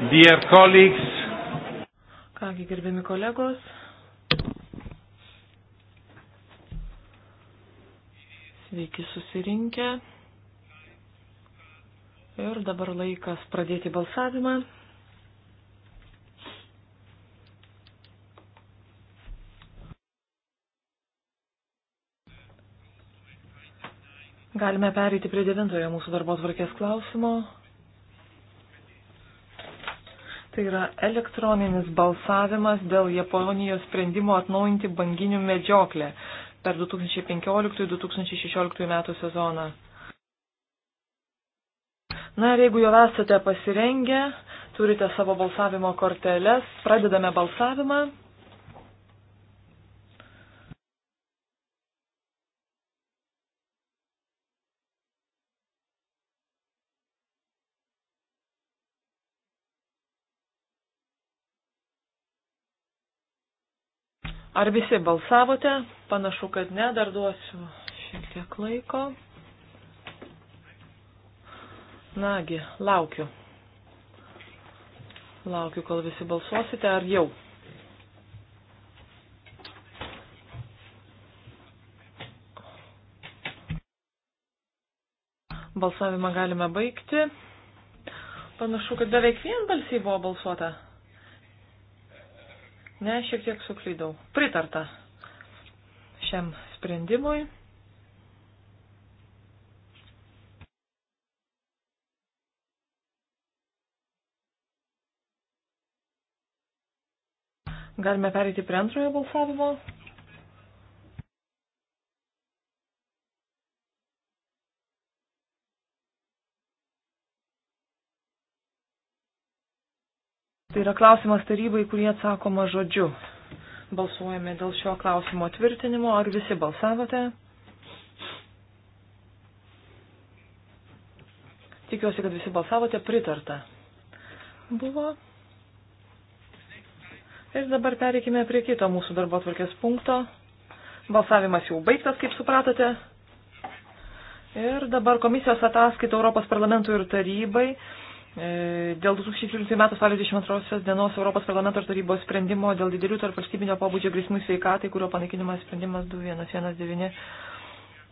Dear colleagues. Kągi gerbiami kolegos. Sveiki susirinkę. Ir dabar laikas pradėti balsavimą. Galime pereiti prie devintojo mūsų darbo tvarkės klausimo. Tai yra elektroninis balsavimas dėl Japonijos sprendimo atnaujinti banginių medžioklę per 2015-2016 metų sezoną. Na ir jeigu jau esate pasirengę, turite savo balsavimo korteles, pradedame balsavimą. Ar visi balsavote? Panašu, kad ne, dar duosiu šiek tiek laiko. Nagi, laukiu. Laukiu, kol visi balsuosite, ar jau? Balsavimą galime baigti. Panašu, kad beveik vien balsiai buvo balsuota. Ne, šiek tiek suklydau. Pritarta šiam sprendimui. Galime pereiti prie antrojo balsavimo. Tai yra klausimas tarybai, kurį atsakoma žodžiu. Balsuojame dėl šio klausimo tvirtinimo. Ar visi balsavote? Tikiuosi, kad visi balsavote pritarta. Buvo. Ir dabar pereikime prie kito mūsų darbo atvarkės punkto. Balsavimas jau baigtas, kaip supratote. Ir dabar komisijos ataskaita Europos parlamentui ir tarybai E, dėl 2013 m. spalio 22 dienos Europos parlamento ir tarybos sprendimo dėl didelių tarp valstybinio pobūdžio grėsmų sveikatai, kurio panaikinimas sprendimas 2119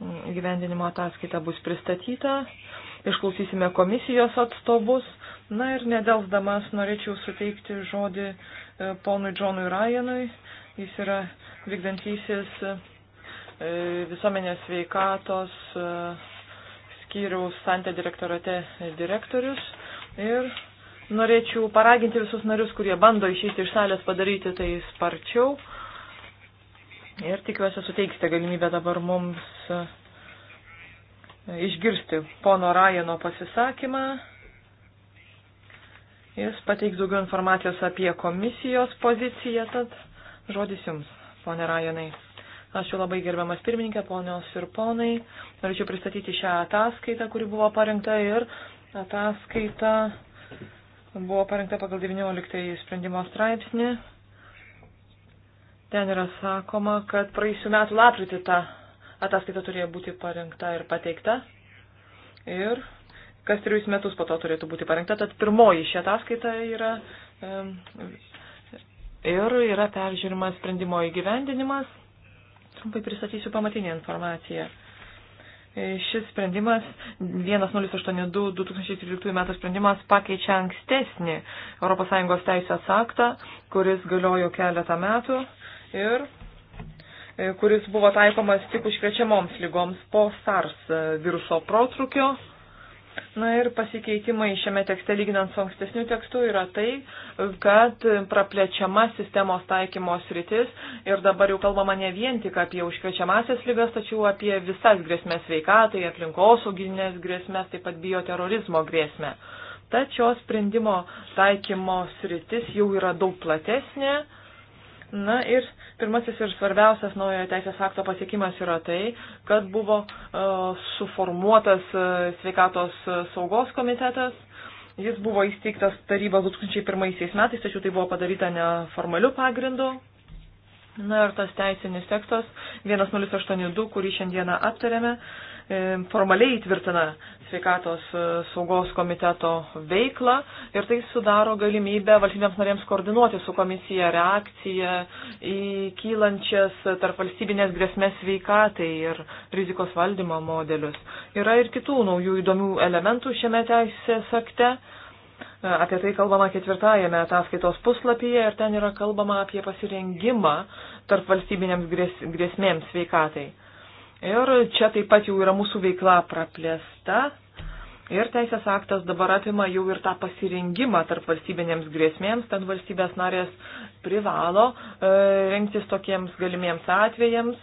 mm, gyvendinimo ataskaita bus pristatyta. Išklausysime komisijos atstovus. Na ir nedelsdamas norėčiau suteikti žodį e, ponui Džonui Ryanui. Jis yra vykdantysis e, visuomenės veikatos skyriaus santė direktorate direktorius. Ir norėčiau paraginti visus narius, kurie bando išeiti iš salės padaryti tai sparčiau. Ir tikiuosi suteiksite galimybę dabar mums e, išgirsti pono Rajano pasisakymą. Jis pateiks daugiau informacijos apie komisijos poziciją, tad žodis jums, pone Rajanai. Ačiū labai gerbiamas pirmininkė, ponios ir ponai. Norėčiau pristatyti šią ataskaitą, kuri buvo parengta ir ataskaita buvo parengta pagal 19 sprendimo straipsnį. Ten yra sakoma, kad praėjusiu metu lapritį ta ataskaita turėjo būti parengta ir pateikta. Ir kas trejus metus po to turėtų būti parengta. Tad pirmoji ši ataskaita yra e, ir yra peržiūrimas sprendimo įgyvendinimas. Trumpai pristatysiu pamatinę informaciją. E, šis sprendimas 1082-2013 metų sprendimas pakeičia ankstesnį ES teisės aktą, kuris galiojo keletą metų ir e, kuris buvo taikomas tik užkrečiamoms lygoms po SARS viruso protrukio Na ir pasikeitimai šiame tekste lyginant su ankstesniu tekstu yra tai, kad praplečiama sistemos taikymos rytis ir dabar jau kalbama ne vien tik apie užkrečiamasias lygas, tačiau apie visas grėsmės veikatai, aplinkosauginės grėsmės, taip pat bioterorizmo grėsmę. Tačiau sprendimo taikymo sritis jau yra daug platesnė Na ir pirmasis ir svarbiausias naujojo teisės akto pasiekimas yra tai, kad buvo uh, suformuotas uh, sveikatos e, saugos komitetas. Jis buvo įsteigtas taryba 2001 metais, tačiau tai buvo padaryta neformaliu pagrindu. Na ir tas teisinis tekstas 1082, kurį šiandieną aptarėme, uh, E, formaliai tvirtina sveikatos e, saugos komiteto veiklą ir tai sudaro galimybę valstybėms norėms koordinuoti su komisija reakciją į kylančias tarp valstybinės grėsmės sveikatai ir rizikos valdymo modelius. Yra ir kitų naujų įdomių elementų šiame teisės akte. E, apie tai kalbama ketvirtajame ataskaitos puslapyje ir ten yra kalbama apie pasirengimą tarp valstybinėms grės, grėsmėms sveikatai. Ir čia taip pat jau yra mūsų veikla praplėsta. Ir teisės aktas dabar apima jau ir tą pasirengimą tarp valstybinėms grėsmėms, tad valstybės narės privalo e, rengtis tokiems galimiems atvejams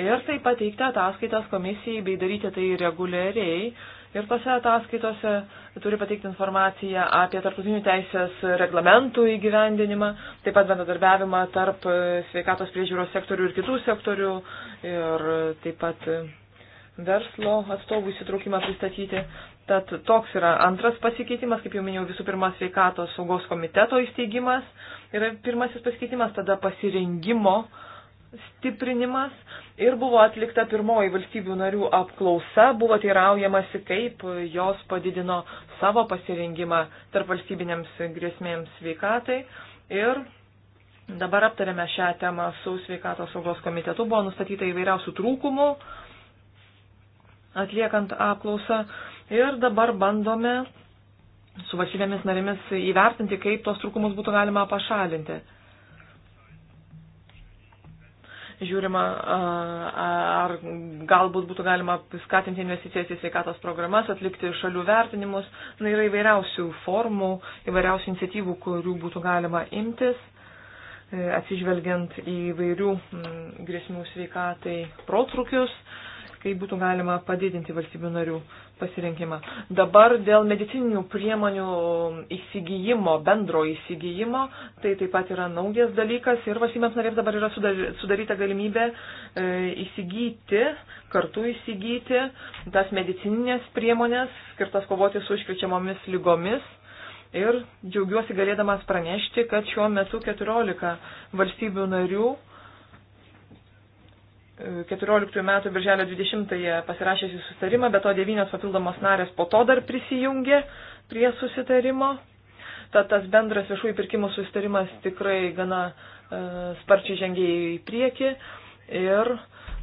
ir taip pateikti ataskaitas komisijai bei daryti tai reguliariai. Ir tose ataskaitose Tai turi pateikti informaciją apie tarptautinių teisės reglamentų įgyvendinimą, taip pat bendradarbiavimą tarp e, sveikatos priežiūros sektorių ir kitų sektorių ir taip pat e, verslo atstovų įsitraukimą pristatyti. Tad toks yra antras pasikeitimas, kaip jau minėjau, visų pirma sveikatos saugos komiteto įsteigimas yra pirmasis pasikeitimas, tada pasirengimo uh, stiprinimas ir buvo atlikta pirmoji valstybių narių apklausa, buvo teiraujamasi, kaip jos padidino savo pasirengimą tarp valstybinėms grėsmėms sveikatai ir dabar aptarėme šią temą su sveikatos saugos komitetu, buvo nustatyta įvairiausių trūkumų atliekant apklausą ir dabar bandome su valstybėmis narėmis įvertinti, kaip tos trūkumus būtų galima pašalinti žiūrima, ar galbūt būtų galima skatinti investicijas į sveikatos programas, atlikti šalių vertinimus. Na, yra įvairiausių formų, įvairiausių iniciatyvų, kurių būtų galima imtis, e, atsižvelgiant į vairių grėsmių sveikatai protrukius kaip būtų galima padidinti valstybių narių pasirinkimą. Dabar dėl medicininių priemonių įsigijimo, bendro įsigijimo, tai taip pat yra naujas dalykas ir valstybėms narėms dabar yra sudaryta galimybė e, įsigyti, kartu įsigyti tas medicininės priemonės skirtas kovoti su iškrečiamomis lygomis. Ir džiaugiuosi galėdamas pranešti, kad šiuo metu 14 valstybių narių 14 metų birželio 20-ąją pasirašėsi sustarimą, bet to devynios papildomos narės po to dar prisijungė prie susitarimo. Tad tas bendras viešųjų pirkimų sustarimas tikrai gana e, sparčiai žengė į priekį ir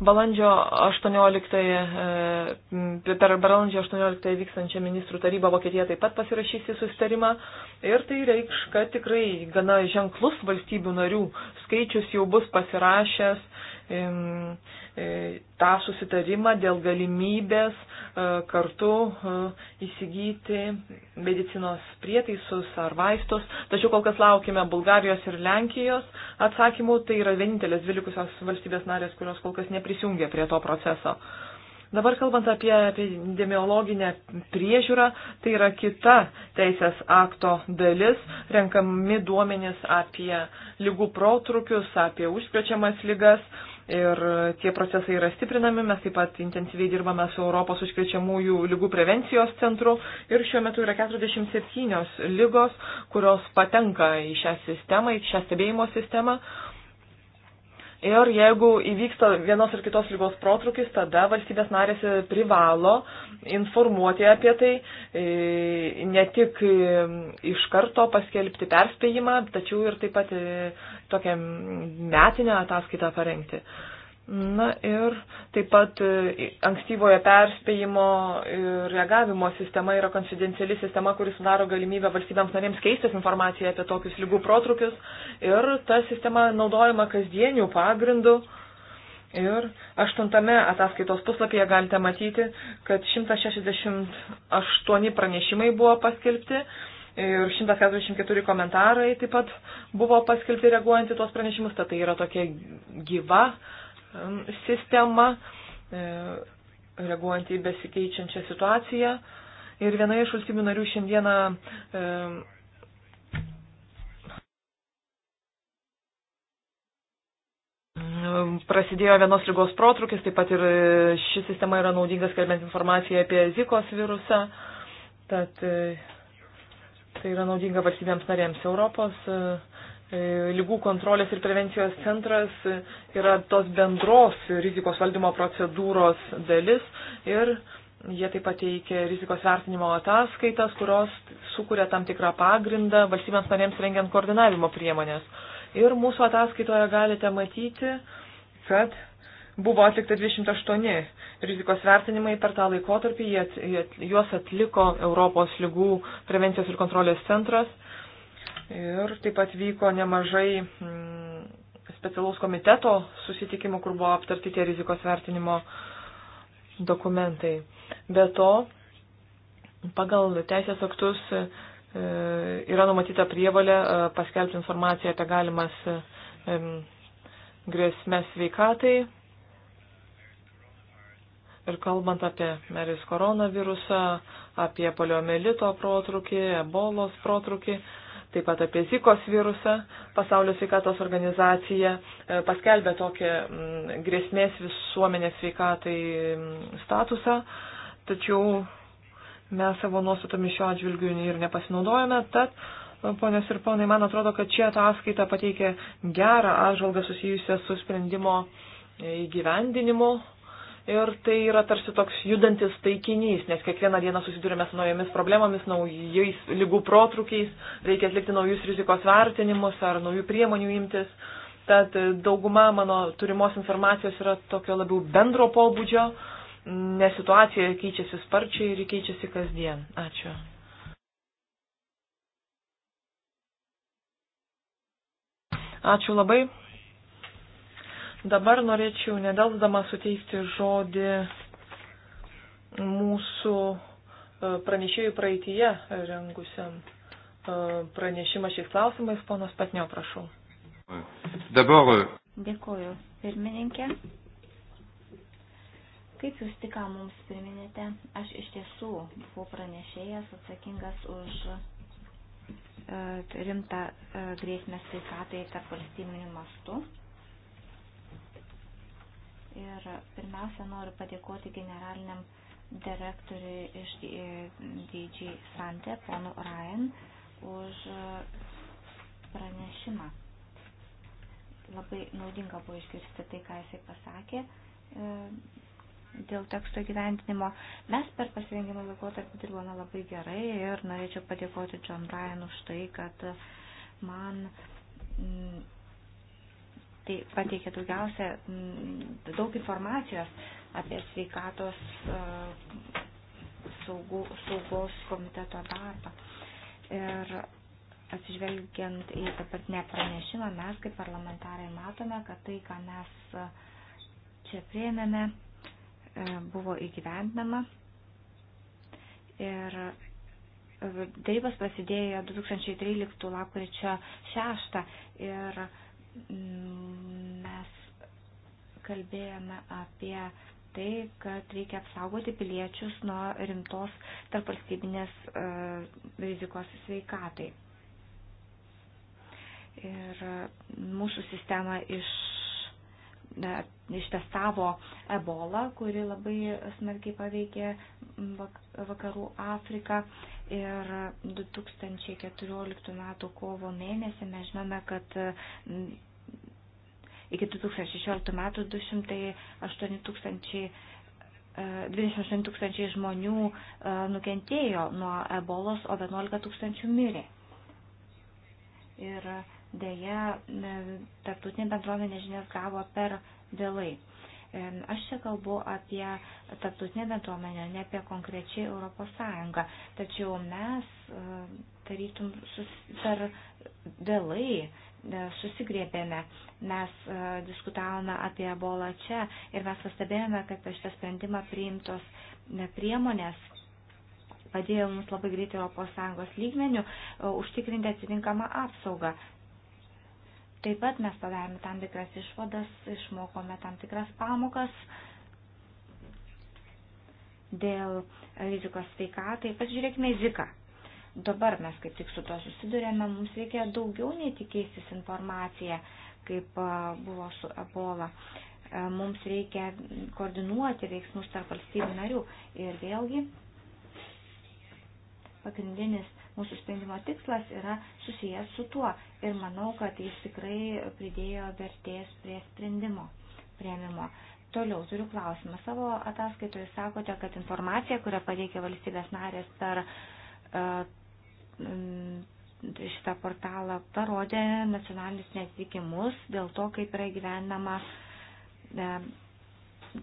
balandžio 18-ąją, e, per balandžio 18-ąją vykstančią ministrų tarybą Vokietija taip pat pasirašysi sustarimą ir tai reikš, kad tikrai gana ženklus valstybių narių skaičius jau bus pasirašęs E, tą susitarimą dėl galimybės e, kartu e, įsigyti medicinos prietaisus ar vaistus. Tačiau kol kas laukime Bulgarijos ir Lenkijos atsakymų. Tai yra vienintelės dvi likusios valstybės narės, kurios kol kas neprisijungia prie to proceso. Dabar kalbant apie epidemiologinę priežiūrą, tai yra kita teisės akto dalis, renkami duomenys apie lygų protrukius, apie užkrečiamas lygas ir tie procesai yra stiprinami. Mes taip pat intensyviai dirbame su Europos užkrečiamųjų lygų prevencijos centru ir šiuo metu yra 47 lygos, kurios patenka į šią sistemą, į šią stebėjimo sistemą. Ir jeigu įvyksta vienos ar kitos lygos protrukis, tada valstybės narės privalo informuoti apie tai, e, ne tik e, iš karto paskelbti perspėjimą, tačiau ir taip pat e, tokią metinę ataskaitą parengti. Na ir taip pat e, ankstyvojo perspėjimo ir reagavimo sistema yra konfidenciali sistema, kuris sudaro galimybę valstybėms narėms keistis informaciją apie tokius lygų protrukius. Ir ta sistema naudojama kasdienių pagrindų. Ir aštuntame ataskaitos puslapyje galite matyti, kad 168 pranešimai buvo paskelbti. Ir 144 komentarai taip pat buvo paskelbti reaguojant į tuos pranešimus, tad tai yra tokia gyva uh, Um, sistema, e, reaguojant į besikeičiančią situaciją. Ir viena iš valstybių narių šiandieną e, prasidėjo vienos lygos protrukis, taip pat ir ši sistema yra naudinga skelbiant informaciją apie Zikos virusą. Tad e, tai yra naudinga valstybėms narėms. Europos E, lygų kontrolės ir prevencijos centras yra tos bendros rizikos valdymo procedūros dalis ir jie taip pat teikia rizikos vertinimo ataskaitas, kurios sukuria tam tikrą pagrindą valstybėms narėms rengiant koordinavimo priemonės. Ir mūsų ataskaitoje galite matyti, kad buvo atlikta 28 rizikos vertinimai per tą laikotarpį, juos atliko Europos lygų prevencijos ir kontrolės centras Ir taip pat vyko nemažai mm, specialaus komiteto susitikimų, kur buvo aptarti tie rizikos vertinimo dokumentai. Be to, pagal teisės aktus e, yra numatyta prievalė e, paskelbti informaciją apie galimas e, grėsmės veikatai. Ir kalbant apie meris koronavirusą, apie poliomelito protrukį, ebolos protrukį, taip pat apie Zikos virusą. Pasaulio sveikatos organizacija e, paskelbė tokią mm, grėsmės visuomenės sveikatai mm, statusą, tačiau mes savo nuostatomis šiuo atžvilgiu ir nepasinaudojame. Tad, e, ponios ir ponai, man atrodo, kad čia ataskaita pateikė gerą atžvalgą susijusią su sprendimo įgyvendinimu Ir tai yra tarsi toks judantis taikinys, nes kiekvieną dieną susidurime su naujomis problemomis, naujais lygų protrukiais, reikia atlikti naujus rizikos vertinimus ar naujų priemonių imtis. Tad dauguma mano turimos informacijos yra tokio labiau bendro pobūdžio, nes situacija keičiasi sparčiai ir keičiasi kasdien. Ačiū. Ačiū labai. Dabar norėčiau nedelsdama suteikti žodį mūsų e, pranešėjų praeitie rengusiam e, pranešimą šiais klausimais. Ponas Patnio, prašau. Dabar. E, Dėkuoju, pirmininkė. Kaip jūs tik mums priminėte, aš iš tiesų buvau pranešėjas atsakingas už rimtą grėsmę sveikatai tarp valstybinių mastų ir pirmiausia noriu padėkoti generaliniam direktoriui iš DG Sante, ponu Ryan, už pranešimą. Labai naudinga buvo išgirsti tai, ką jisai pasakė e, dėl teksto gyventinimo. Mes per pasirengimą laikotarpį dirbome labai gerai ir norėčiau padėkoti John Ryan už tai, kad man Tai pateikė daugiausia mm, daug informacijos apie sveikatos e, saugų, saugos komiteto darbą. Ir atsižvelgiant į dabartinę pranešimą, mes kaip parlamentarai matome, kad tai, ką mes e, čia prieimėme, e, buvo įgyvendinama. Ir darybos prasidėjo 2013 lakryčio 6 ir mes kalbėjome apie tai, kad reikia apsaugoti piliečius nuo rimtos tarpvalstybinės e, rizikos sveikatai. Ir mūsų sistema iš ištestavo ebolą, kuri labai smarkiai paveikė vakarų Afriką. Ir 2014 m. kovo mėnesį mes žinome, kad iki 2016 metų 208 tūkstančiai 28 e, tūkstančiai žmonių e, nukentėjo nuo ebolos, o 11 tūkstančių mirė. Ir dėja, e, tarptautinė bendruomenė žinias gavo per vėlai. Aš čia kalbu apie tarptautinę bendruomenę, ne apie konkrečiai Europos Sąjungą. Tačiau mes tarytum sus, per vėlai E, susigrėbėme. Mes e, diskutavome apie ebolą čia ir mes pastebėjome, kad per šitą sprendimą priimtos e, priemonės padėjo mums labai greitai ES lygmenių užtikrinti atitinkamą apsaugą. Taip pat mes padarėme tam tikras išvadas, išmokome tam tikras pamokas dėl rizikos sveikatai. Pažiūrėkime į ziką dabar mes kaip tik su to susidurėme, mums reikia daugiau nei tik keistis informaciją, kaip buvo su ebola. Mums reikia koordinuoti veiksmus tarp valstybių narių. Ir vėlgi, pagrindinis mūsų sprendimo tikslas yra susijęs su tuo. Ir manau, kad jis tikrai pridėjo vertės prie sprendimo prieimimo. Toliau turiu klausimą. Savo ataskaitoje sakote, kad informacija, kurią pateikia valstybės narės per Mm, šitą portalą parodė nacionalinius netikimus dėl to, kaip yra gyvenama e,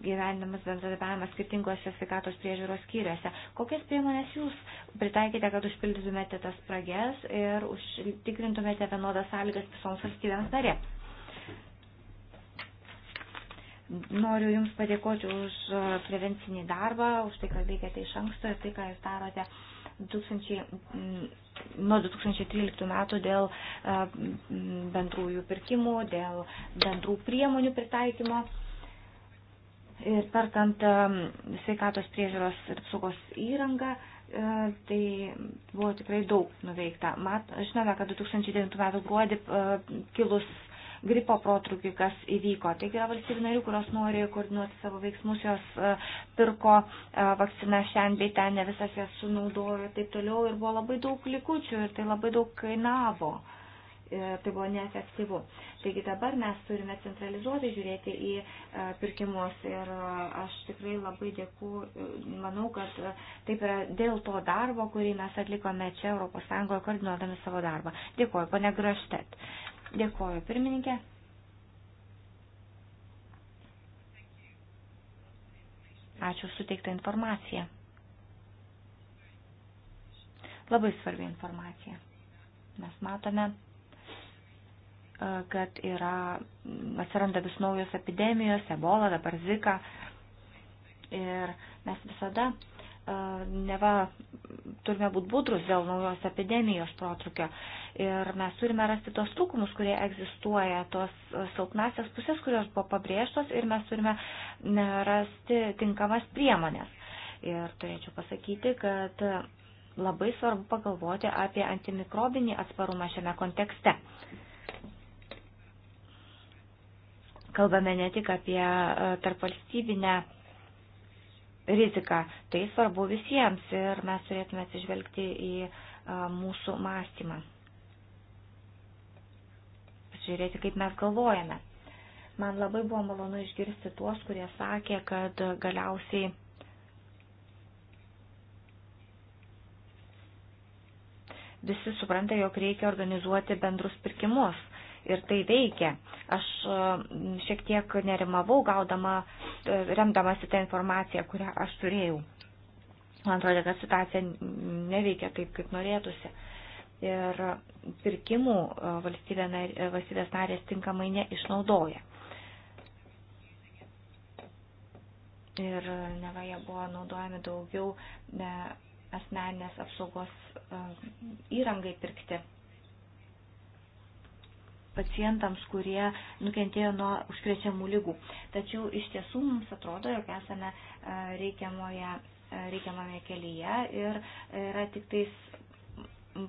gyvenimas bendradarbiavimas skirtingose sveikatos priežiūros skyriuose. Kokias priemonės jūs pritaikėte, kad užpildytumėte tas sprages ir užtikrintumėte vienodas sąlygas visoms valstybėms narėms? Noriu Jums padėkoti už prevencinį darbą, už tai, kad veikiate iš anksto ir tai, ką Jūs darote 2000 nuo 2013 metų dėl e, bendrųjų pirkimų, dėl bendrų priemonių pritaikymo. Ir perkant e, sveikatos priežiūros ir apsaugos įrangą, e, tai buvo tikrai daug nuveikta. Mat, žinome, kad 2009 metų gruodį kilus gripo protrukį, kas įvyko. Taigi yra valstybių narių, kurios nori koordinuoti savo veiksmus, jos e, pirko e, vakciną šiandien bei ten, ne visas jas sunaudojo ir taip toliau. Ir buvo labai daug likučių ir tai labai daug kainavo e, tai buvo neefektyvu. Taigi dabar mes turime centralizuotai žiūrėti į pirkimus ir aš tikrai labai dėku, manau, kad taip yra dėl to darbo, kurį mes atlikome čia ES koordinuodami savo darbą. Dėkuoju, pone Graštet. Dėkuoju, pirmininkė. Ačiū suteiktą informaciją. Labai svarbi informacija. Mes matome, e, kad yra, atsiranda vis naujos epidemijos, ebola, dabar zika. Ir mes visada uh, neva turime būti budrus dėl naujos epidemijos protrukio. Ir mes turime rasti tos trūkumus, kurie egzistuoja, tos silpnasias pusės, kurios buvo pabrėžtos ir mes turime rasti tinkamas priemonės. Ir turėčiau pasakyti, kad labai svarbu pagalvoti apie antimikrobinį atsparumą šiame kontekste. Kalbame ne tik apie e, tarpvalstybinę riziką. Tai svarbu visiems ir mes turėtume atsižvelgti į mūsų mąstymą. Pasižiūrėti, kaip mes galvojame. Man labai buvo malonu išgirsti tuos, kurie sakė, kad galiausiai visi supranta, jog reikia organizuoti bendrus pirkimus ir tai veikia. Aš e, šiek tiek nerimavau, gaudama, e, remdamasi tą informaciją, kurią aš turėjau. Man atrodo, kad situacija neveikia taip, kaip norėtųsi. Ir pirkimų e, valstybė, valstybės narės tinkamai neišnaudoja. Ir neva jie buvo naudojami daugiau ne, asmeninės apsaugos įrangai pirkti pacientams, kurie nukentėjo nuo užkrečiamų lygų. Tačiau iš tiesų mums atrodo, jog esame e, reikiamoje, e, reikiamame kelyje ir yra tik tais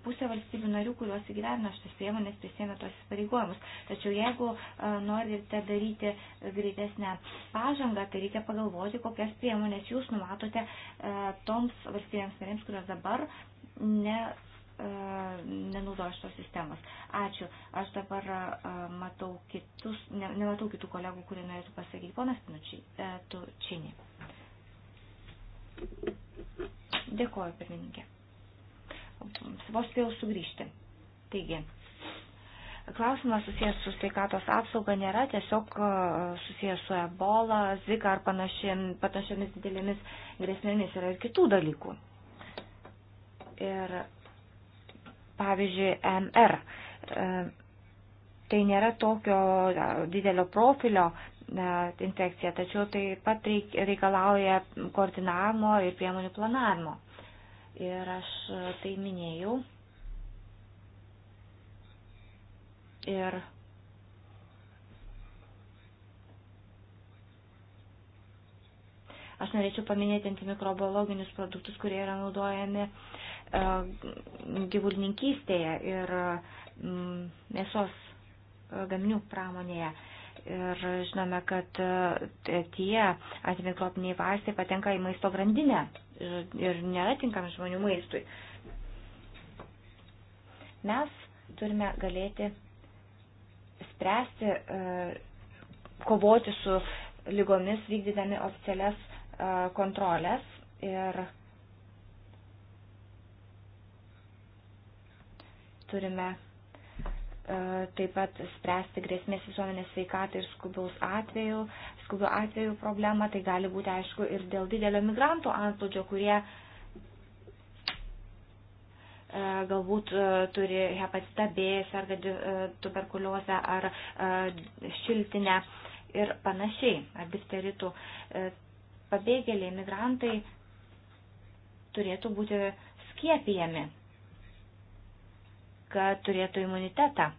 pusė valstybių narių, kuriuos įgyvena šitas priemonės, prisėmė tos įsipareigojimus. Tačiau jeigu e, norite daryti greitesnę pažangą, tai reikia pagalvoti, kokias priemonės jūs numatote toms valstybėms narėms, kurios dabar ne nenaudoja šitos sistemos. Ačiū. Aš dabar matau kitus, ne, nematau kitų kolegų, kurie norėtų pasakyti. Ponas Tučinį. E, Dėkuoju, pirmininkė. Vos spėjau sugrįžti. Taigi, klausimas susijęs su sveikatos apsauga nėra tiesiog susijęs su ebola, zika ar panašiamis didelėmis grėsmėmis yra ir kitų dalykų. Ir pavyzdžiui, MR. E, tai nėra tokio e, didelio profilio e, infekcija, tačiau taip pat reikalauja koordinavimo ir priemonių planavimo. Ir aš tai minėjau. Ir Aš norėčiau paminėti antimikrobiologinius produktus, kurie yra naudojami uh, E, gyvulininkystėje ir mm, mėsos e, gaminių pramonėje. Ir žinome, kad e, tie antimikrobiniai vaistai patenka į maisto grandinę ir nėra tinkami žmonių maistui. Mes turime galėti spręsti, kovoti su lygomis, vykdydami oficialias kontrolės ir turime e, taip pat spręsti grėsmės visuomenės sveikatai ir skubiaus atveju, skubių atvejų problemą, tai gali būti aišku ir dėl didelio migrantų antplūdžio, kurie e, galbūt e, turi hepatitą B, serga tuberkuliozę ar šiltinę ir panašiai, ar difteritų. Pabėgėliai, migrantai turėtų būti skiepijami kad turėtų imunitetą.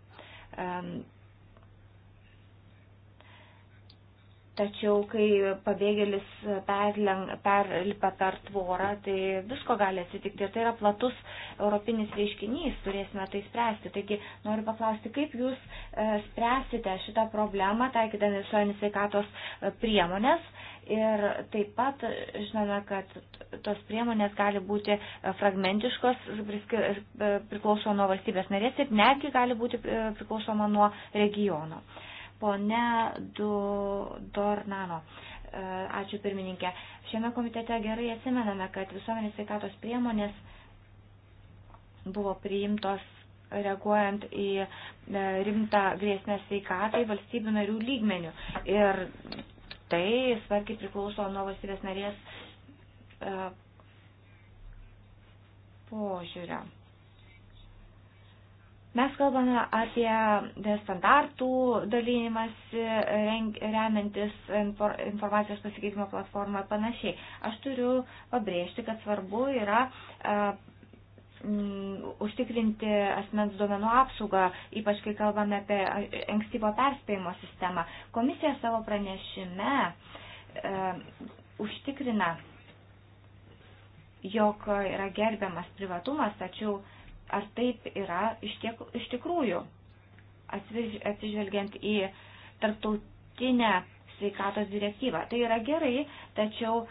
Tačiau, kai pabėgėlis perlipa per tvorą, tai visko gali atsitikti. Ir tai yra platus europinis reiškinys, turėsime tai spręsti. Taigi, noriu paklausti, kaip jūs e, spręsite šitą problemą, taikydami visuomenės sveikatos e, priemonės. Ir taip pat žinome, kad tos priemonės gali būti e, fragmentiškos, priklauso nuo valstybės narės ir netgi gali būti priklausoma nuo regiono. Uh, Pone Dornano. E, ačiū pirmininkė. Šiame komitete gerai atsimename, kad visuomenės sveikatos priemonės buvo priimtos reaguojant į e, rimtą grėsmę sveikatai valstybių narių lygmenių. Ir tai svarkiai priklauso nuo valstybės narės e, požiūrio. Mes kalbame apie standartų dalymas, remiantis informacijos pasikeitimo platformą ir panašiai. Aš turiu pabrėžti, kad svarbu yra mm, užtikrinti asmens duomenų apsaugą, ypač kai kalbame apie ankstyvo perspėjimo sistemą. Komisija savo pranešime e, užtikrina, jog yra gerbiamas privatumas, tačiau e, ar taip yra iš, tiek, iš tikrųjų, atsižvelgiant į tarptautinę sveikatos direktyvą. Tai yra gerai, tačiau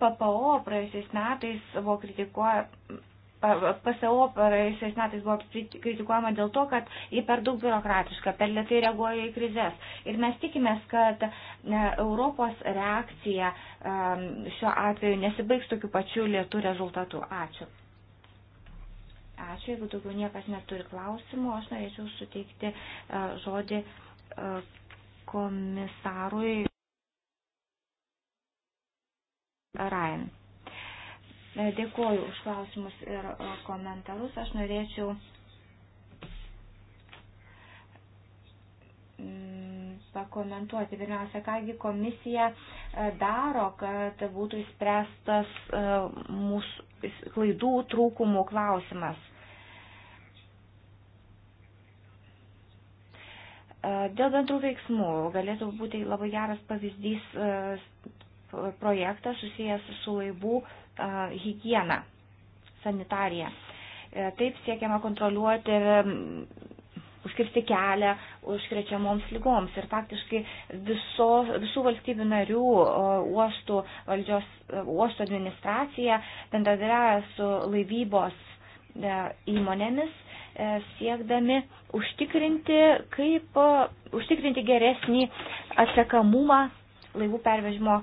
PPO praėjusiais metais buvo kritikuoja. PSO praėjusiais metais buvo kritikuojama dėl to, kad ji per daug biurokratiška, per lietai reaguoja į krizės. Ir mes tikimės, kad e, Europos reakcija e, šiuo atveju nesibaigs tokiu pačiu lietu rezultatu. Ačiū. Ačiū, jeigu daugiau niekas neturi klausimų, aš norėčiau suteikti e, žodį e, komisarui Rain. E, dėkuoju už klausimus ir komentarus. Aš norėčiau mm, pakomentuoti. Pirmiausia, kągi komisija daro, kad būtų įspręstas mūsų klaidų trūkumų klausimas. E, Dėl bendrų veiksmų galėtų būti labai geras pavyzdys e, projektas susijęs su laivų e, higiena, sanitarija. Taip siekiama kontroliuoti užkirsti kelią užkrečiamoms lygoms. Ir faktiškai viso, visų valstybių narių uostų valdžios, e, uosto administracija bendradarbiauja su laivybos e, įmonėmis e, siekdami užtikrinti, kaip užtikrinti geresnį atsekamumą laivų pervežimo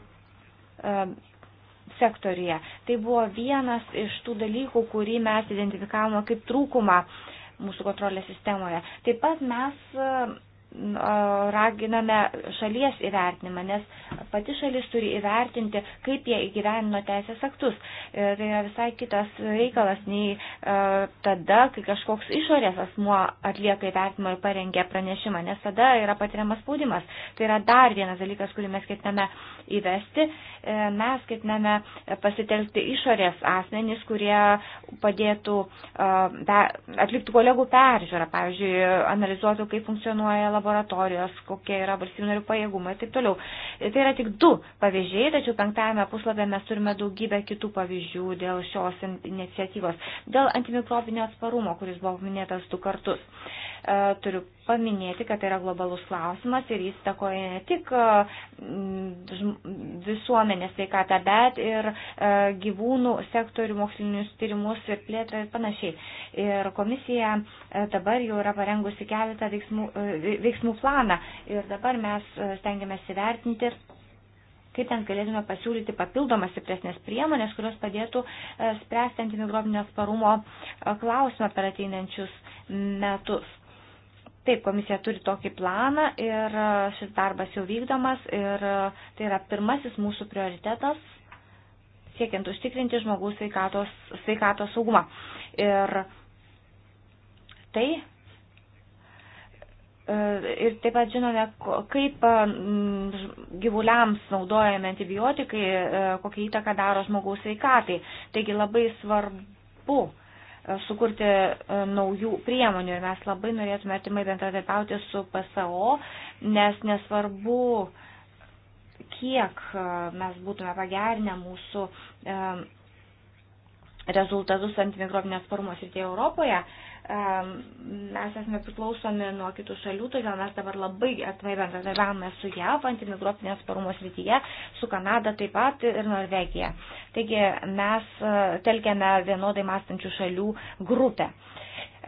sektorija. Tai buvo vienas iš tų dalykų, kurį mes identifikavome kaip trūkumą uh, mūsų kontrolės sistemoje. Taip pat mes raginame šalies įvertinimą, nes pati šalis turi įvertinti, kaip jie įgyvenino teisės aktus. Ir tai yra visai kitas reikalas nei tada, kai kažkoks išorės asmuo atlieka įvertinimą ir parengia pranešimą, nes tada yra patiriamas spaudimas. Tai yra dar vienas dalykas, kurį mes ketiname įvesti. E, mes ketiname pasitelkti išorės asmenys, kurie padėtų atlikti kolegų peržiūrą, pavyzdžiui, analizuotų, kaip funkcionuoja laboratorijos, kokie yra valstybinarių pajėgumai ir taip toliau. Tai yra tik du pavyzdžiai, tačiau penktame puslapė mes turime daugybę kitų pavyzdžių dėl šios iniciatyvos. Dėl antimikrobinio atsparumo, kuris buvo minėtas du kartus. E, turiu paminėti, kad tai yra globalus klausimas ir jis takoja ne tik e, visuomenės sveikatą, bet ir e, gyvūnų sektorių mokslinius tyrimus ir plėtrą ir panašiai. Ir komisija e, dabar jau yra parengusi keletą veiksmų, veiksmų planą ir dabar mes stengiamės įvertinti kaip ten galėtume pasiūlyti papildomas stipresnės priemonės, kurios padėtų spręsti antimikrobinio sparumo klausimą per ateinančius metus. Taip, komisija turi tokį planą ir e, šis darbas jau vykdomas ir e, tai yra pirmasis mūsų prioritetas siekiant užtikrinti žmogaus sveikatos, sveikatos saugumą. Ir tai e, ir taip pat žinome, kaip gyvuliams naudojami antibiotikai, kokią įtaką daro žmogaus sveikatai. Taigi labai svarbu E, sukurti e, naujų priemonių ir mes labai norėtume artimai bendradarbiauti su PSO, nes nesvarbu, kiek e, mes būtume pagernę mūsų rezultatus antimikrobinės formos rytėje Europoje, mes esame priklausomi nuo kitų šalių, todėl mes dabar labai artimai bendradarbiavame su JAV antimigropinės parumo srityje, su Kanada taip pat ir Norvegija. Taigi mes e, telkiame vienodai mąstančių šalių grupę.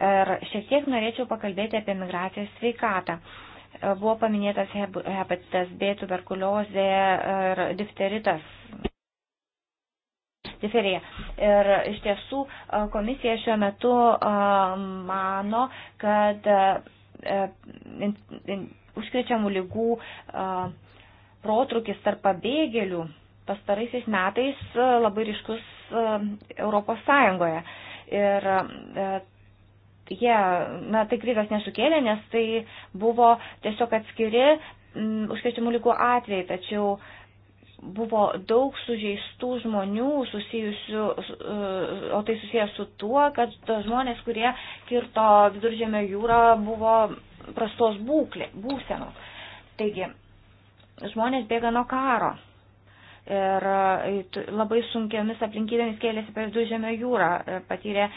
Ir šiek tiek norėčiau pakalbėti apie migracijos sveikatą. E, buvo paminėtas hepatitas B, tuberkuliozė ir difteritas diferija. Ir iš tiesų komisija šiuo metu mano, kad užkrečiamų lygų protrukis tarp pabėgėlių pastaraisiais metais labai ryškus Europos Sąjungoje. Ir jie, yeah, na, tai krizės nesukėlė, nes tai buvo tiesiog atskiri m, užkrečiamų lygų atvejai, tačiau uh, buvo daug sužeistų žmonių susijusių, e, o tai susijęs su tuo, kad žmonės, kurie kirto viduržėmio jūrą, buvo prastos būklė, būsenos. Taigi, žmonės bėga nuo karo. Ir e, labai sunkiamis aplinkybėmis kėlėsi per dužėmio jūrą, e, patyrė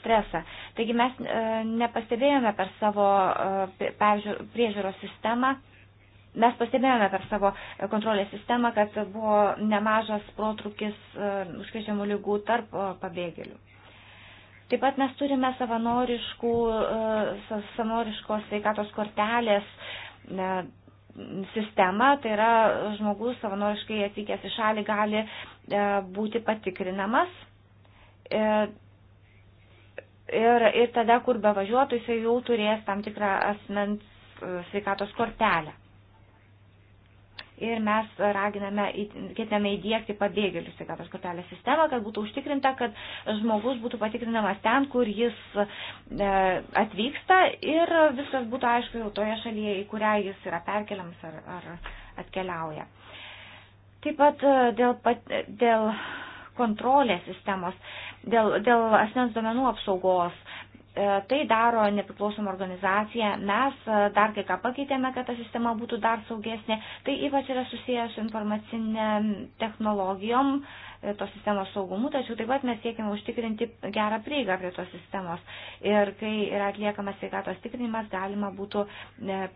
stresą. Taigi mes nepastebėjome per savo priežiūros sistemą Mes pastebėjome per savo kontrolės sistemą, kad buvo nemažas protrukis e, užkrečiamų lygų tarp e, pabėgėlių. Taip pat mes turime savanoriškų, e, savanoriškos sveikatos kortelės sistemą, tai yra žmogus savanoriškai atvykęs į šalį gali būti patikrinamas. Ir, ir tada, kur bevažiuotų, jisai jau turės tam tikrą asmens sveikatos kortelę ir mes raginame, ketiname įdėkti pabėgėlių sveikatos kortelės sistemą, kad būtų užtikrinta, kad žmogus būtų patikrinamas ten, kur jis e, atvyksta ir viskas būtų aišku jau toje šalyje, į kurią jis yra perkeliamas ar, ar atkeliauja. Taip pat e, dėl, e, dėl kontrolės sistemos, dėl, dėl asmens duomenų apsaugos E, tai daro nepriklausoma organizacija. Mes e, dar kai ką pakeitėme, kad ta sistema būtų dar saugesnė. Tai ypač yra susijęs su informaciniam technologijom, e, tos sistemos saugumu, tačiau taip pat mes siekime užtikrinti gerą prieigą prie tos sistemos. Ir kai yra atliekamas sveikatos tikrinimas, galima būtų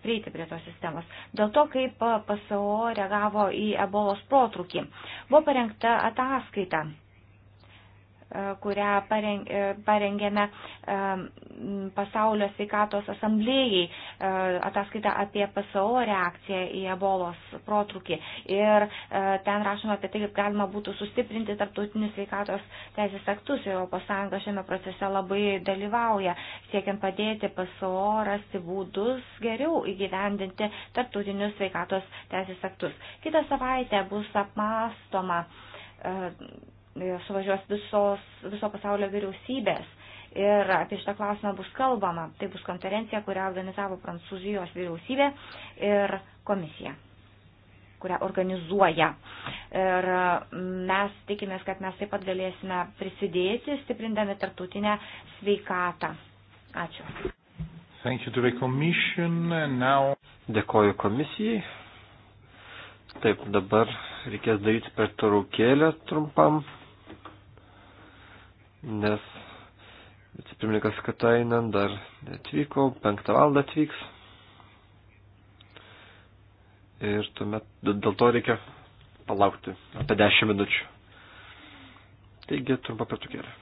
prieiti prie tos sistemos. Dėl to, kaip PSO reagavo į ebolos protrukį, buvo parengta ataskaita E, kurią e, parengėme e, pasaulio sveikatos asamblėjai ataskaita apie PSO reakciją į ebolos protrukį. Ir ten rašoma apie tai, kaip galima būtų sustiprinti tarptautinius sveikatos teisės aktus. ES šiame procese labai dalyvauja, siekiant padėti PSO rasti būdus geriau įgyvendinti tarptautinius sveikatos teisės aktus. Kita savaitė bus apmastoma E, suvažiuos visos, viso pasaulio vyriausybės. Ir apie šitą klausimą bus kalbama. Tai bus konferencija, kurią organizavo Prancūzijos vyriausybė ir komisija, kurią organizuoja. Ir mes tikimės, kad mes taip pat galėsime prisidėti, stiprindami tartutinę sveikatą. Ačiū. Now... Dėkoju komisijai. Taip, dabar reikės daryti pertraukėlę trumpam nes vicepirmininkas Katainen dar atvyko, penktą valandą atvyks. Ir tuomet dėl to reikia palaukti apie 10 minučių. Taigi trumpa pertukėlė.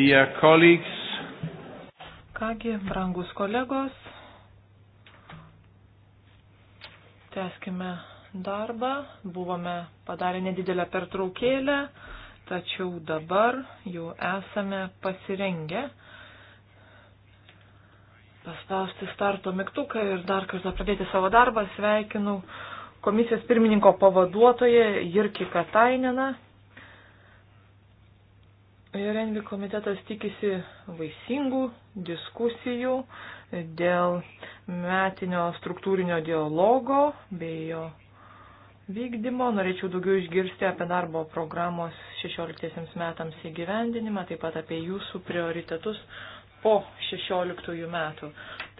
Dear colleagues. Kągi, brangus kolegos, teskime darbą. Buvome padarę nedidelę pertraukėlę, tačiau dabar jau esame pasirengę paspausti starto mygtuką ir dar kartą pradėti savo darbą. Sveikinu komisijos pirmininko pavaduotoją Jirki Kataineną. Envi komitetas tikisi vaisingų diskusijų dėl metinio struktūrinio dialogo bei jo vykdymo. Norėčiau daugiau išgirsti apie darbo programos 16 metams įgyvendinimą, taip pat apie jūsų prioritetus po 16 metų.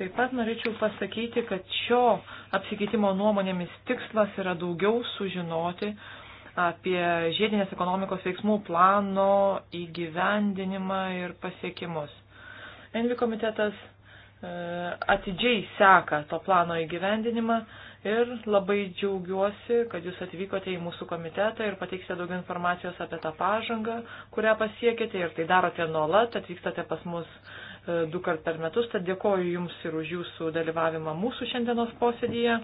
Taip pat norėčiau pasakyti, kad šio apsikeitimo nuomonėmis tikslas yra daugiau sužinoti apie žiedinės ekonomikos veiksmų plano įgyvendinimą ir pasiekimus. Envi komitetas e, atidžiai seka to plano įgyvendinimą ir labai džiaugiuosi, kad jūs atvykote į mūsų komitetą ir pateiksite daugiau informacijos apie tą pažangą, kurią pasiekėte ir tai darote nuolat, atvykstate pas mus e, du kart per metus, tad dėkoju Jums ir už Jūsų dalyvavimą mūsų šiandienos posėdėje.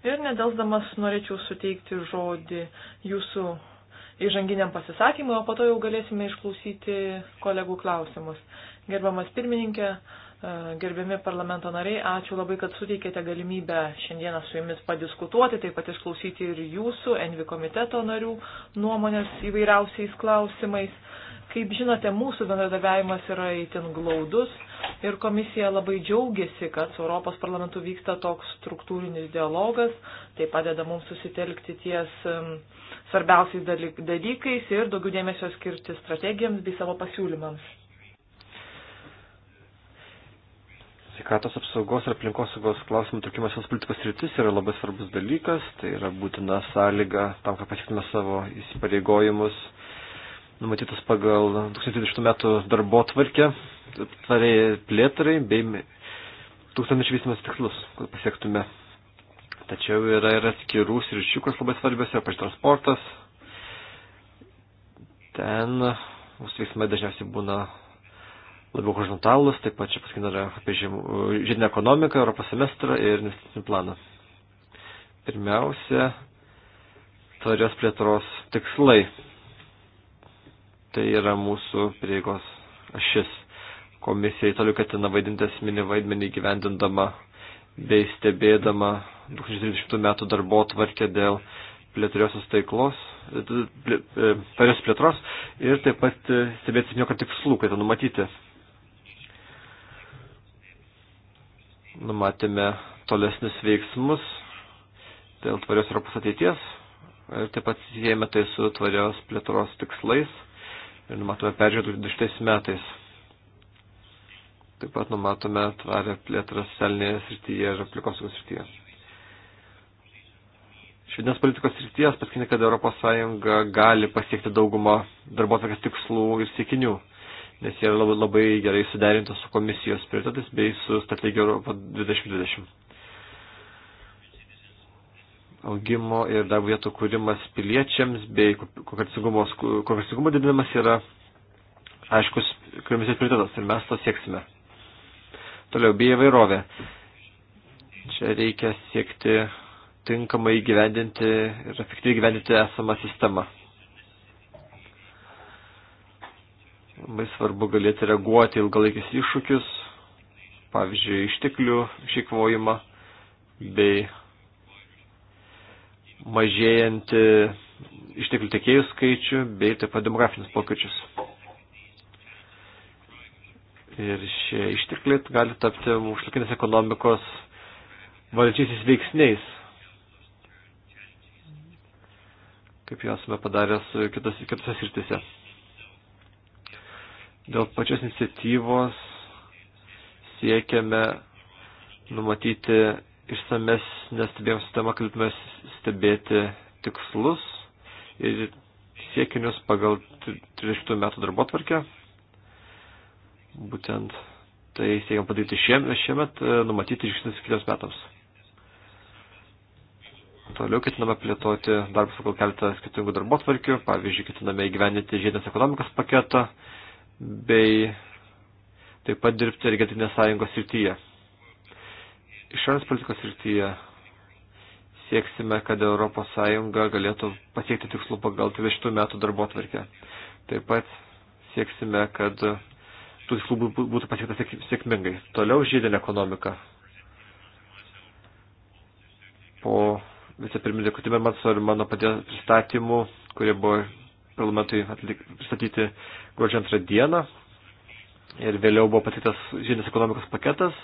Ir nedelsdamas norėčiau suteikti žodį jūsų įžanginiam pasisakymui, o po to jau galėsime išklausyti kolegų klausimus. Gerbiamas pirmininkė, e, gerbiami parlamento nariai, ačiū labai, kad suteikėte galimybę šiandieną su jumis padiskutuoti, taip pat išklausyti ir jūsų, Envi komiteto narių nuomonės įvairiausiais klausimais. Kaip žinote, mūsų bendradarbiavimas yra itin glaudus ir komisija labai džiaugiasi, kad su Europos parlamentu vyksta toks struktūrinis dialogas, tai padeda mums susitelkti ties svarbiausiais dalykais ir daugiau dėmesio skirti strategijams bei savo pasiūlymams. Sveikatos apsaugos ir aplinkosaugos klausimų trukimas jos politikos rytis yra labai svarbus dalykas, tai yra būtina sąlyga tam, kad pasiektume savo įsipareigojimus numatytas pagal 2020 metų darbo tvarkę, tvariai plėtrai bei tūkstančių vystymas tikslus, kad pasiektume. Tačiau yra ir atskirų sričių, kas labai svarbios, yra pačias transportas. Ten mūsų veiksmai dažniausiai būna labiau horizontalus, taip pat čia pasakina yra apie žiedinę ekonomiką, Europos semestrą ir investicinį planą. Pirmiausia, tvarios plėtros tikslai. Tai yra mūsų prieigos ašis. Komisija toliau ketina vaidinti esminį vaidmenį gyvendindama bei stebėdama 2030 metų darbo tvarkę dėl plėtriosios taiklos, e, tvarios plėtros ir taip pat e, stebėti septyniolika tikslų, kai tą numatyti. Numatėme tolesnius veiksmus dėl tvarios Europos ateities ir taip pat siejame tai su tvarios plėtros tikslais ir numatome peržiūrėti 20 metais. Taip pat numatome tvarę plėtrą socialinėje srityje ir aplikosaugos srityje. Švedinės politikos srities paskinė, kad ES gali pasiekti daugumą darbotvarkės tikslų ir siekinių, nes jie yra labai, labai gerai suderinti su komisijos prioritetais bei su strategija Europa 2020 augimo ir darbo vietų kūrimas piliečiams bei konkurencingumo didinimas yra aiškus komisijos prioritetas ir mes to sieksime. Toliau, bei įvairovė. Čia reikia siekti tinkamai gyvendinti ir efektyviai gyvendinti esamą sistemą. Labai svarbu galėti reaguoti ilgalaikius iššūkius, pavyzdžiui, išteklių šikvojimą bei mažėjantį išteklių tiekėjų skaičių bei taip pat demografinius pokyčius. Ir šie ištekliai gali tapti užlikinės ekonomikos valdžiaisiais veiksniais, kaip jau esame padarę su kitos, kitose sritise. Dėl pačios iniciatyvos siekiame numatyti išsamesnė stebėjimo sistema galėtume stebėti tikslus ir siekinius pagal 30 metų darbo tvarkę. Būtent tai siekiam padaryti šiemet, šiemet numatyti žingsnis kitiems metams. Toliau ketiname plėtoti darbus pagal keletą skirtingų darbo tvarkių, pavyzdžiui, ketiname įgyveninti žiedinės ekonomikos paketą bei taip pat dirbti energetinės sąjungos srityje. Išorės politikos rytyje sieksime, kad ES galėtų pasiekti tikslų pagal 20 metų darbo atverkę. Taip pat sieksime, kad tų tikslų būtų pasiektas sėkmingai. Toliau žydinė ekonomika. Po vicepirmininkų Timermanso ir mano paties pristatymų, kurie buvo parlamentui atlik, pristatyti gruodžio antrą dieną. Ir vėliau buvo patiktas žydinės ekonomikos paketas,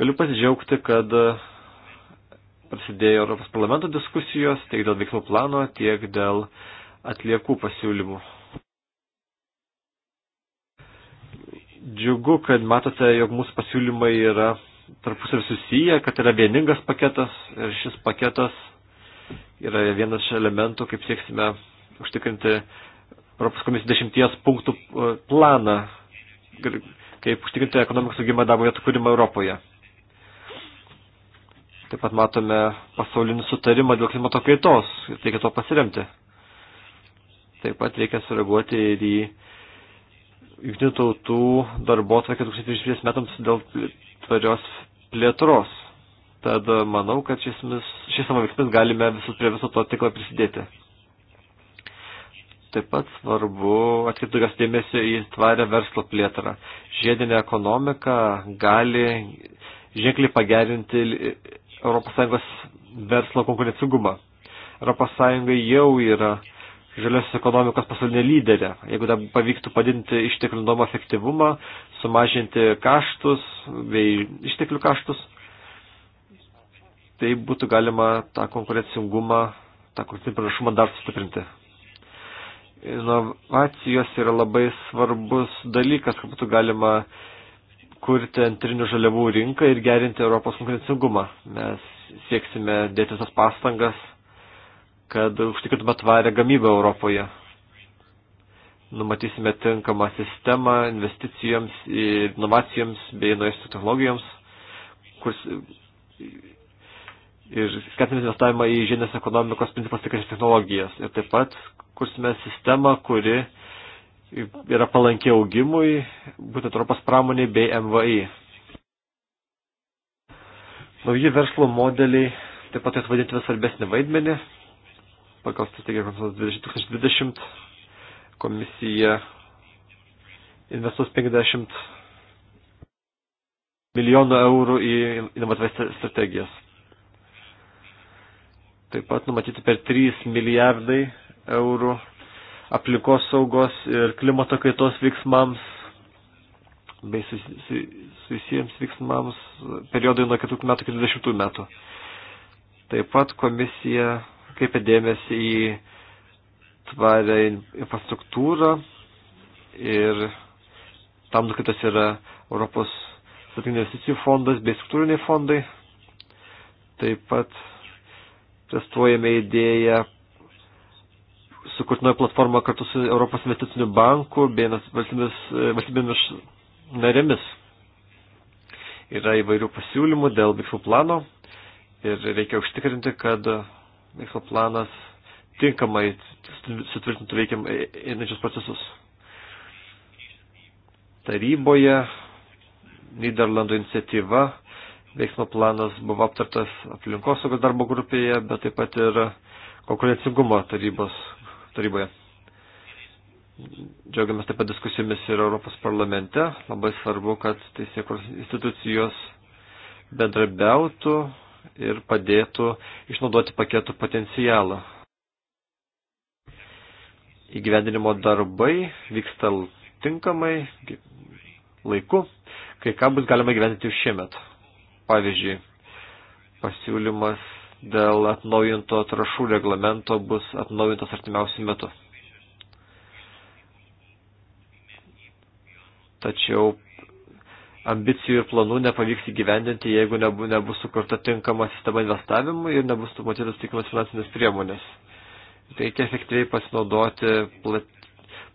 Galiu pasidžiaugti, kad e, prasidėjo Europos parlamento diskusijos tiek dėl veiksmų plano, tiek dėl atliekų pasiūlymų. Džiugu, kad matote, jog mūsų pasiūlymai yra tarpusavį susiję, kad yra vieningas paketas ir šis paketas yra vienas iš elementų, kaip sieksime užtikrinti Europos komisijos dešimties punktų e, planą, kaip užtikrinti ekonomikos augimą darbo vietų kūrimą Europoje. Taip pat matome pasaulinį sutarimą dėl klimato kaitos ir reikia to pasiremti. Taip pat reikia sureaguoti ir į jungtinių tautų darbo atvekę 2020 metams dėl tvarios plėtros. Tad manau, kad šis, šis savo veiksmės galime visus prie viso to tiklo prisidėti. Taip pat svarbu atkreipti daugiausia dėmesio į tvarę verslo plėtrą. Žiedinė ekonomika gali ženkliai pagerinti ES verslo konkurencingumą. ES jau yra žaliosios ekonomikos pasaulinė lyderė. Jeigu dar pavyktų padinti išteklių efektyvumą, sumažinti kaštus bei išteklių kaštus, tai būtų galima tą konkurencingumą, tą konkurencinį pranašumą dar sustiprinti. Inovacijos yra labai svarbus dalykas, kad būtų galima kurti antrinių žaliavų rinką ir gerinti Europos konkurencingumą. Mes sieksime dėti visas pastangas, kad užtikrintume tvarę gamybą Europoje. Numatysime tinkamą sistemą investicijoms, inovacijoms bei naujosioms technologijoms, kurs, ir skatinsime investavimą į žemės ekonomikos principas tikras technologijas. Ir taip pat kursime sistemą, kuri yra palankiai augimui, būtent Europos pramoniai bei MVI. Nauji verslo modeliai taip pat vadinti vis svarbesnį vaidmenį. Pagal strategiją 2020 komisija investuos 50 milijonų eurų į inovatyvės strategijas. Taip pat numatyti per 3 milijardai eurų aplinkos saugos ir klimato kaitos veiksmams bei susijiems veiksmams periodai nuo 4 metų iki 20 metų. Taip pat komisija kaip dėmesį į tvarę infrastruktūrą ir tam nukitas yra Europos strateginių investicijų fondas bei struktūriniai fondai. Taip pat testuojame idėją sukurti naują platformą kartu su Europos investiciniu banku bei valstybėmis, e, valstybėmis narėmis. Yra įvairių pasiūlymų dėl veiksmų plano ir reikia užtikrinti, kad veiksmų planas tinkamai sutvirtintų veikiam e, einančius procesus. Taryboje Niderlandų iniciatyva veiksmo planas buvo aptartas aplinkosaugos darbo grupėje, bet taip pat ir konkurencingumo tarybos taryboje. Džiaugiamės taip pat diskusijomis ir Europos parlamente. Labai svarbu, kad teisėkuros institucijos bendrabiautų ir padėtų išnaudoti paketų potencialą. Įgyvendinimo darbai vyksta tinkamai laiku, kai ką bus galima gyventi ir šiemet. Pavyzdžiui, pasiūlymas dėl atnaujinto trašų reglamento bus atnaujintas artimiausių metų. Tačiau ambicijų ir planų nepavyks įgyvendinti, jeigu nebus sukurta tinkama sistema investavimui ir nebus numatytas tinkamos finansinės priemonės. Reikia efektyviai pasinaudoti plat...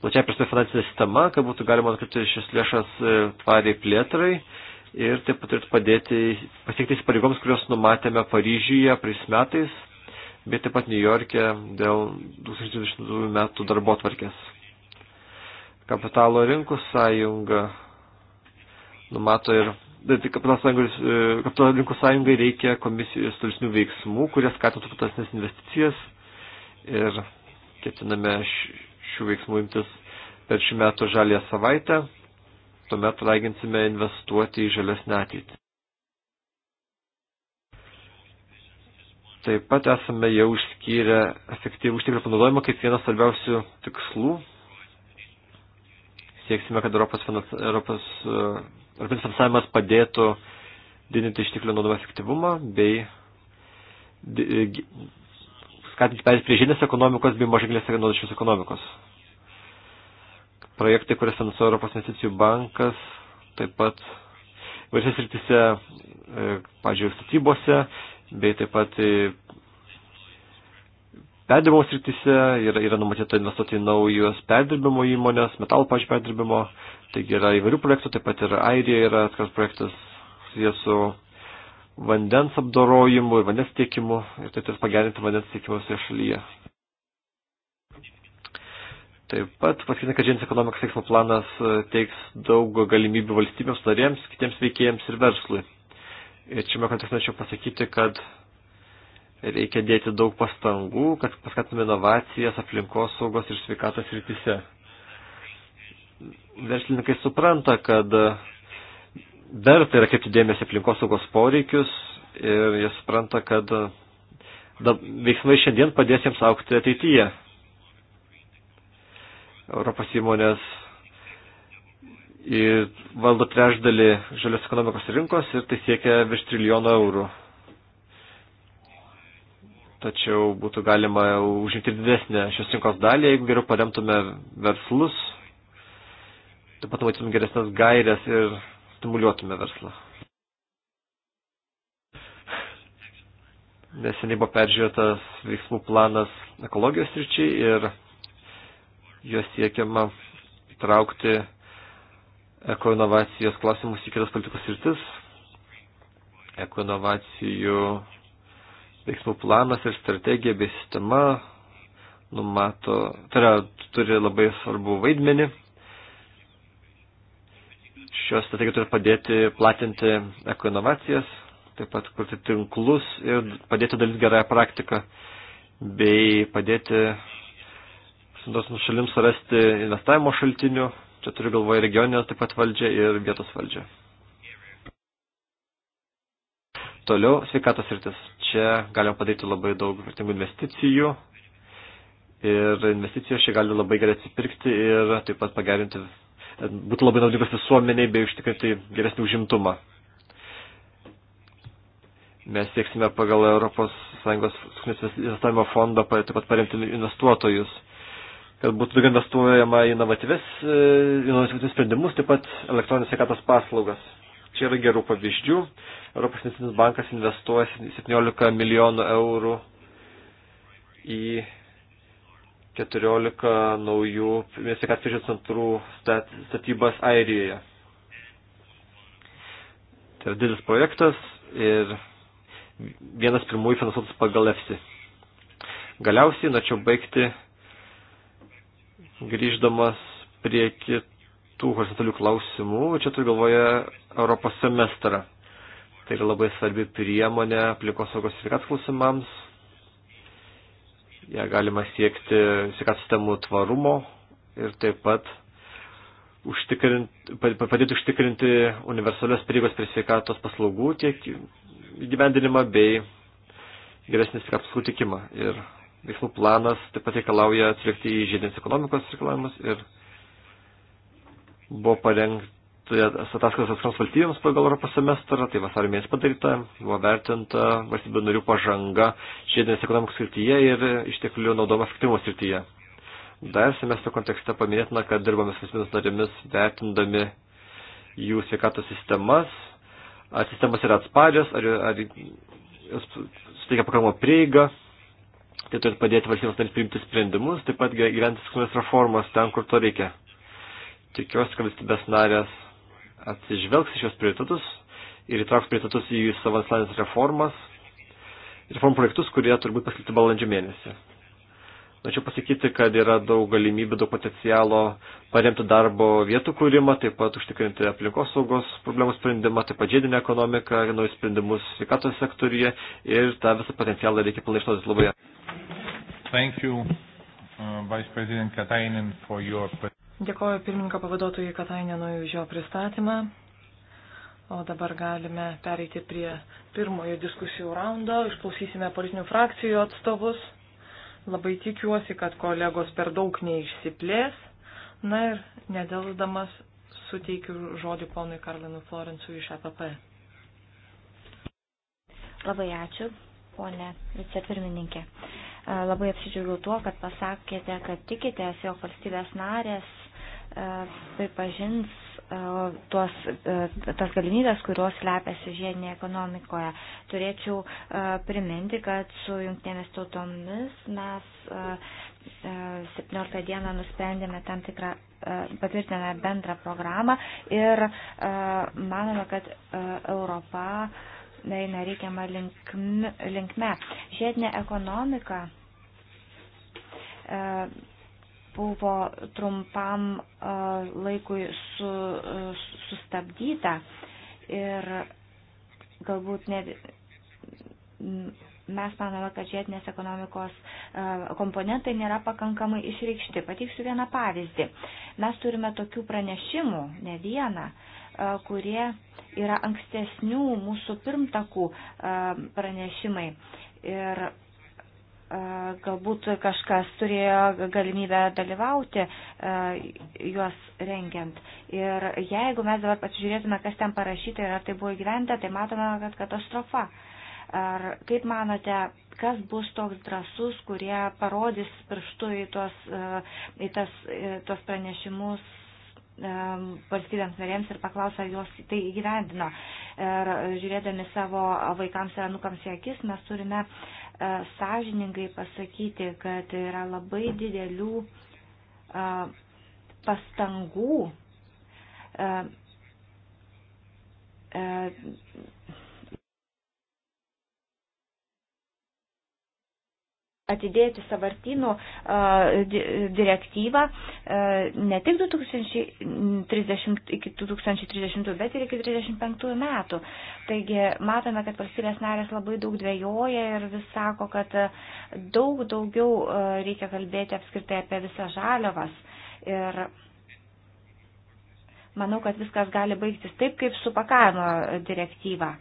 plačiai prasme finansinę sistemą, kad būtų galima nukreipti šias lėšas e, tvariai plėtrai ir taip pat turėtų padėti pasiekti įsipareigoms, kurios numatėme Paryžiuje prieš metais, bet taip pat New York'e dėl 2020 metų darbo tvarkės. Kapitalo rinkų sąjunga numato ir tai kapitalo, sąjungos, kapitalo rinkų sąjungai reikia komisijos tolesnių veiksmų, kurie skatintų platesnės investicijas ir ketiname šių veiksmų imtis per šių metų žalę savaitę tuomet raginsime investuoti į žalesnę ateitį. Taip pat esame jau išskyrę efektyvų išteklių panaudojimą kaip vienas svarbiausių tikslų. Sieksime, kad Europos, finans, Europos uh, Europinis finansavimas padėtų didinti išteklių naudojimo efektyvumą bei skatinti perės prie žinės ekonomikos bei mažaglės naudojančios ekonomikos projektai, kurias finansuoja Europos investicijų bankas, taip pat įvairiose srityse, e, pažiūrėjau, statybose, bei taip pat perdirbimo srityse yra, yra numatyta investuoti į naujos perdirbimo įmonės, metalų, pažiūrėjau, perdirbimo, taigi yra įvairių projektų, taip pat ir Airija yra atskiras projektas su vandens apdorojimu ir vandens tiekimu ir tai turės pagerinti vandens tiekimą visoje šalyje. Taip pat pasakyta, kad žemės ekonomikos veiksmų planas e, teiks daug galimybių valstybėms narėms, kitiems veikėjams ir verslui. Ir šiame kontekste norėčiau pasakyti, kad reikia dėti daug pastangų, kad paskatume inovacijas aplinkos saugos ir sveikatos rytise. Verslininkai supranta, kad verta yra kaip dėmesį aplinkos saugos poreikius ir jie supranta, kad veiksmai šiandien padės jiems aukti ateityje. Europos įmonės valdo trešdalį žalios ekonomikos rinkos ir tai siekia virš trilijono eurų. Tačiau būtų galima užimti didesnę šios rinkos dalį, jeigu geriau paremtume verslus, taip pat matytume geresnės gairės ir stimuliuotume verslą. Neseniai buvo peržiūrėtas veiksmų planas ekologijos ryčiai ir juos siekiama įtraukti ekoinovacijos klausimus į kitas politikos rytis. Ekoinovacijų veiksmų planas ir strategija bei sistema numato, tai yra, turi labai svarbu vaidmenį. Šios strategijos turi padėti platinti ekoinovacijas, taip pat kurti tinklus ir padėti dalis gerąją praktiką bei padėti duosimus šalims surasti investavimo šaltinių. Čia turiu galvoje regioninę taip pat valdžią ir vietos valdžią. Toliau sveikatos rytis. Čia galima padaryti labai daug vertingų investicijų. Ir investicijos čia gali labai gerai atsipirkti ir taip pat pagerinti, būtų labai naudingas visuomeniai bei užtikrinti geresnį užimtumą. Mes sieksime pagal ES investavimo fondą taip pat paremti investuotojus kad būtų daugiau investuojama į inovatyvius, e, inovatyvius sprendimus, taip pat elektroninės sveikatos paslaugas. Čia yra gerų pavyzdžių. Europos Investicinis bankas investuoja 17 milijonų eurų į 14 naujų sveikatos priežiūros centrų statybas Airijoje. Tai yra didelis projektas ir vienas pirmųjų finansuotas pagal EFSI. Galiausiai norėčiau baigti Grįždamas prie kitų horizontalių klausimų, čia turiu galvoje Europos semestrą. Tai yra labai svarbi priemonė aplikos saugos sveikatos klausimams. Ja galima siekti sveikatos sistemų tvarumo ir taip pat užtikrinti, padėti užtikrinti universalios prieigos prie sveikatos paslaugų tiek įgyvendinimą bei geresnį sveikatos sutikimą. Ir veiksmų planas taip pat reikalauja atsilikti į žiedinės ekonomikos reikalavimus ir buvo parengti ataskaitos atskiroms valstybėms pagal Europos semestrą, tai vasario mėnesį padaryta, buvo vertinta valstybių narių pažanga žiedinės ekonomikos srityje ir išteklių naudomas aktyvumo srityje. Dar semestro kontekste paminėtina, kad dirbame su valstybės narėmis vertindami jų sveikatos sistemas, ar sistemas yra atsparios, ar, ar suteikia pakankamą prieigą tai turėtų padėti valstybės narys priimti sprendimus, taip pat gyventi skunės reformas ten, kur to reikia. Tikiuosi, kad valstybės narės atsižvelgs į šios prioritetus ir įtrauks prioritetus į savo nacionalinės reformas, reformų projektus, kurie turbūt paskelbti balandžio mėnesį. Norėčiau pasakyti, kad yra daug galimybių, daug potencialo paremti darbo vietų kūrimą, taip pat užtikrinti aplinkos saugos problemų sprendimą, taip pat žiedinę ekonomiką, naujus sprendimus sveikatos sektoriuje ir tą visą potencialą reikia pilnai išnaudoti labai. Thank you, uh, Vice President Katainen, for your... Dėkoju pirmininko pavaduotojui Katainenui už jo pristatymą. O dabar galime pereiti prie pirmojo diskusijų raundo. Išklausysime politinių frakcijų atstovus. Labai tikiuosi, kad kolegos per daug neišsiplės. Na ir nedelsdamas suteikiu žodį ponui Karlinui Florencui iš APP. E Labai ačiū, ponė vicepirmininkė. Labai apsidžiaugiu tuo, kad pasakėte, kad tikitės, jog valstybės narės pripažins tuos, tas galimybės, kurios lepiasi žiedinėje ekonomikoje. Turėčiau priminti, kad su jungtinėmis tautomis mes 17 dieną nusprendėme tam tikrą patvirtiname bendrą programą ir manome, kad Europa eina reikiamą linkme. Žiedinė ekonomika e, buvo trumpam e, laikui su, e, sustabdyta ir galbūt net mes manome, kad žiedinės ekonomikos komponentai nėra pakankamai išreikšti. Pateiksiu vieną pavyzdį. Mes turime tokių pranešimų, ne vieną, kurie yra ankstesnių mūsų pirmtakų pranešimai. Ir galbūt kažkas turėjo galimybę dalyvauti juos rengiant. Ir jeigu mes dabar pasižiūrėtume, kas ten parašyta ir ar tai buvo įgyventa, tai matome, kad katastrofa. Ar kaip manote, kas bus toks drasus, kurie parodys pirštu į tuos, į tas, į tuos pranešimus valstybėms narėms ir paklaus, ar jos tai įgyvendino. Ir žiūrėdami savo vaikams ir anukams į akis, mes turime e, sąžiningai pasakyti, kad yra labai didelių e, pastangų e, atidėti savartynų direktyvą ne tik 2030, iki 2030, bet ir iki 2035 metų. Taigi matome, kad valstybės narės labai daug dvėjoja ir vis sako, kad daug daugiau reikia kalbėti apskritai apie visą žaliavas. Ir manau, kad viskas gali baigtis taip, kaip su pakavimo direktyva.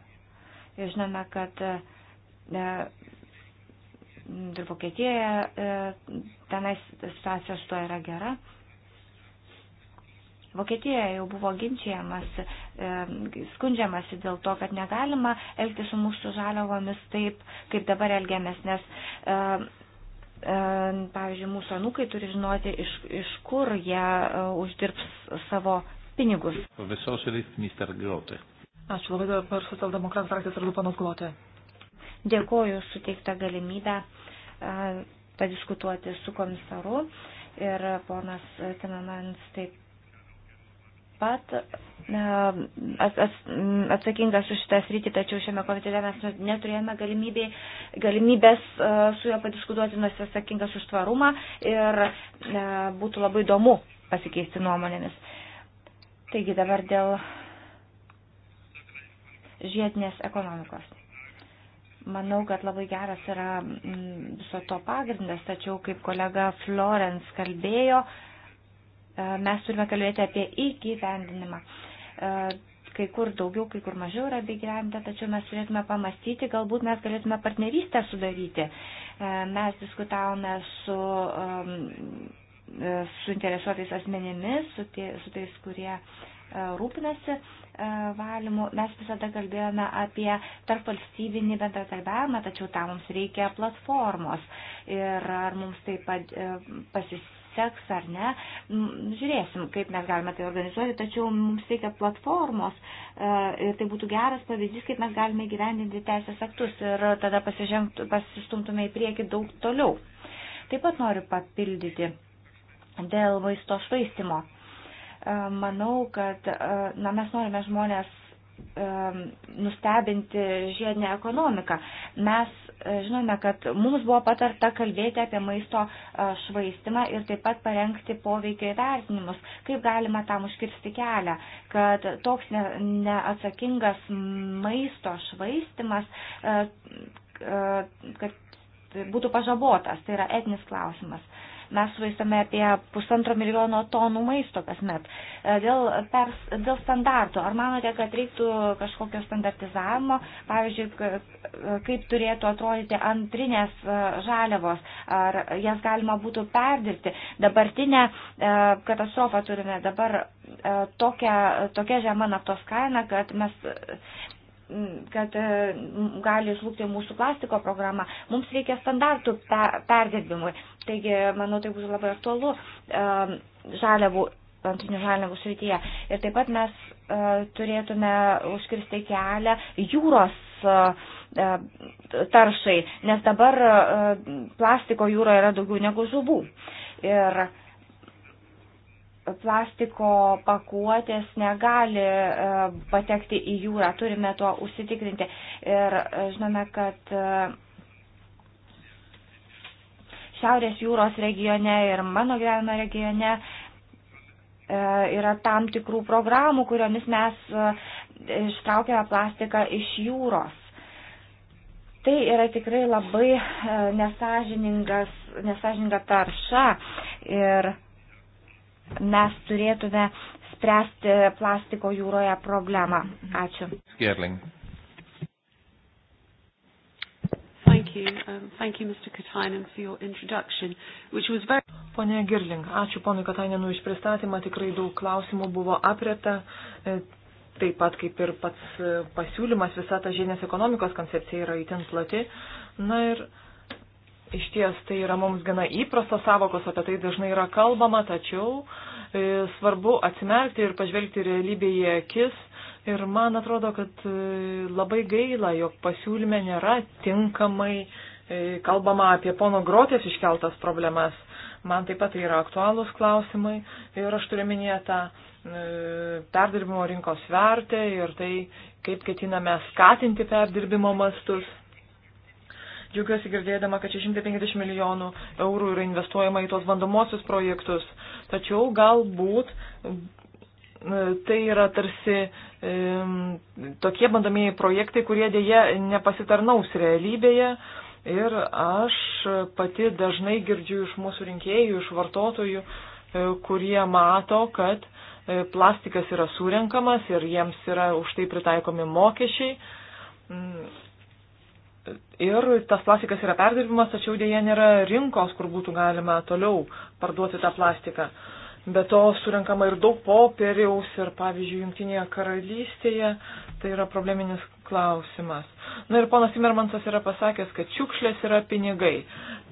Ir žinome, kad ir Vokietijoje e, tenais situacija su to yra gera. Vokietijoje jau buvo ginčiamas, e, skundžiamasi dėl to, kad negalima elgti su mūsų žaliavomis taip, kaip dabar elgiamės, nes, e, pavyzdžiui, mūsų anūkai turi žinoti, iš, iš kur jie uždirbs savo pinigus. Ačiū labai dabar socialdemokratų frakcijos vardu panas Glotė. Dėkoju suteiktą galimybę padiskutuoti su komisaru ir ponas Tinanans taip pat atsakingas už šitą sritį, tačiau šiame komitete mes neturėjome galimybė, galimybės su juo padiskutuoti, nors jis atsakingas už tvarumą ir būtų labai įdomu pasikeisti nuomonėmis. Taigi dabar dėl žiedinės ekonomikos. Manau, kad labai geras yra mm, viso to pagrindas, tačiau kaip kolega Florence kalbėjo, e, mes turime kalbėti apie įgyvendinimą. E, kai kur daugiau, kai kur mažiau yra įgyvendinta, tačiau mes turėtume pamastyti, galbūt mes galėtume partnerystę sudaryti. E, mes diskutavome su suinteresuotais asmenimis, su, tie, su tais, kurie uh, E, rūpinasi e, valymu. Mes visada kalbėjome apie tarpvalstybinį bendradarbiavimą, tačiau tam mums reikia platformos. Ir ar mums taip pat e, pasiseks ar ne, žiūrėsim, kaip mes galime tai organizuoti, tačiau mums reikia platformos ir tai būtų geras pavyzdys, kaip mes galime gyvendinti teisės aktus ir tada pasistumtume į priekį daug toliau. Taip pat noriu papildyti dėl maisto švaistimo. Manau, kad e, na, mes norime žmonės e, nustebinti žiedinę ekonomiką. Mes e, žinome, kad mums buvo patarta kalbėti apie maisto švaistimą ir taip pat parengti poveikio įvertinimus, kaip galima tam užkirsti kelią, kad toks neatsakingas maisto švaistimas, kad būtų pažabotas, tai yra etinis klausimas. Mes vaistame apie pusantro milijono tonų maisto kasmet. E, dėl, pers, dėl standartų, ar manote, kad reiktų kažkokio standartizavimo, pavyzdžiui, e, kaip turėtų atrodyti antrinės e, žaliavos, ar jas galima būtų perdirbti. Dabartinę katastrofą turime dabar tokia, tokia žema naftos kaina, kad mes kad e, gali žlugti mūsų plastiko programa. Mums reikia standartų perdirbimui. Taigi, manau, tai bus labai aktualu e, žaliavų, antrinių žaliavų srityje. Ir taip pat mes e, turėtume užkirsti kelią jūros taršai, nes dabar plastiko jūroje yra daugiau negu žuvų. Ir plastiko pakuotės negali e, patekti į jūrą, turime tuo užsitikrinti. Ir e, žinome, kad e, Šiaurės jūros regione ir mano gyvenimo regione yra tam tikrų programų, kuriomis mes ištraukiame plastiką iš jūros. Tai yra tikrai labai nesažininga tarša ir mes turėtume spręsti plastiko jūroje problemą. Ačiū. Skirling. Thank you. Um, thank you, Mr. Katainen, for your introduction, which was very... Pone Girling, ačiū ponui Katainenui iš pristatymą, tikrai daug klausimų buvo apreta, e, taip pat kaip ir pats e, pasiūlymas, visa ta žinės ekonomikos koncepcija yra įtin plati. Na ir Iš ties tai yra mums gana įprastos savokos, apie tai dažnai yra kalbama, tačiau e, svarbu atsimerkti ir pažvelgti realybėje akis. Ir man atrodo, kad e, labai gaila, jog pasiūlyme nėra tinkamai e, kalbama apie pono grotės iškeltas problemas. Man taip pat tai yra aktualūs klausimai ir aš turiu minėtą e, perdirbimo rinkos vertę ir tai, kaip ketiname skatinti perdirbimo mastus. Džiugiuosi girdėdama, kad 650 milijonų eurų yra investuojama į tuos bandomosius projektus. Tačiau galbūt e, tai yra tarsi e, tokie bandomieji projektai, kurie dėje nepasitarnaus realybėje. Ir aš pati dažnai girdžiu iš mūsų rinkėjų, iš vartotojų, e, kurie mato, kad e, plastikas yra surenkamas ir jiems yra už tai pritaikomi mokesčiai. Mm, ir tas plastikas yra perdirbimas, tačiau dėje nėra rinkos, kur būtų galima toliau parduoti tą plastiką. Be to surinkama ir daug popieriaus ir, pavyzdžiui, Junktinėje karalystėje tai yra probleminis klausimas. Na ir ponas Timermansas yra pasakęs, kad šiukšlės yra pinigai.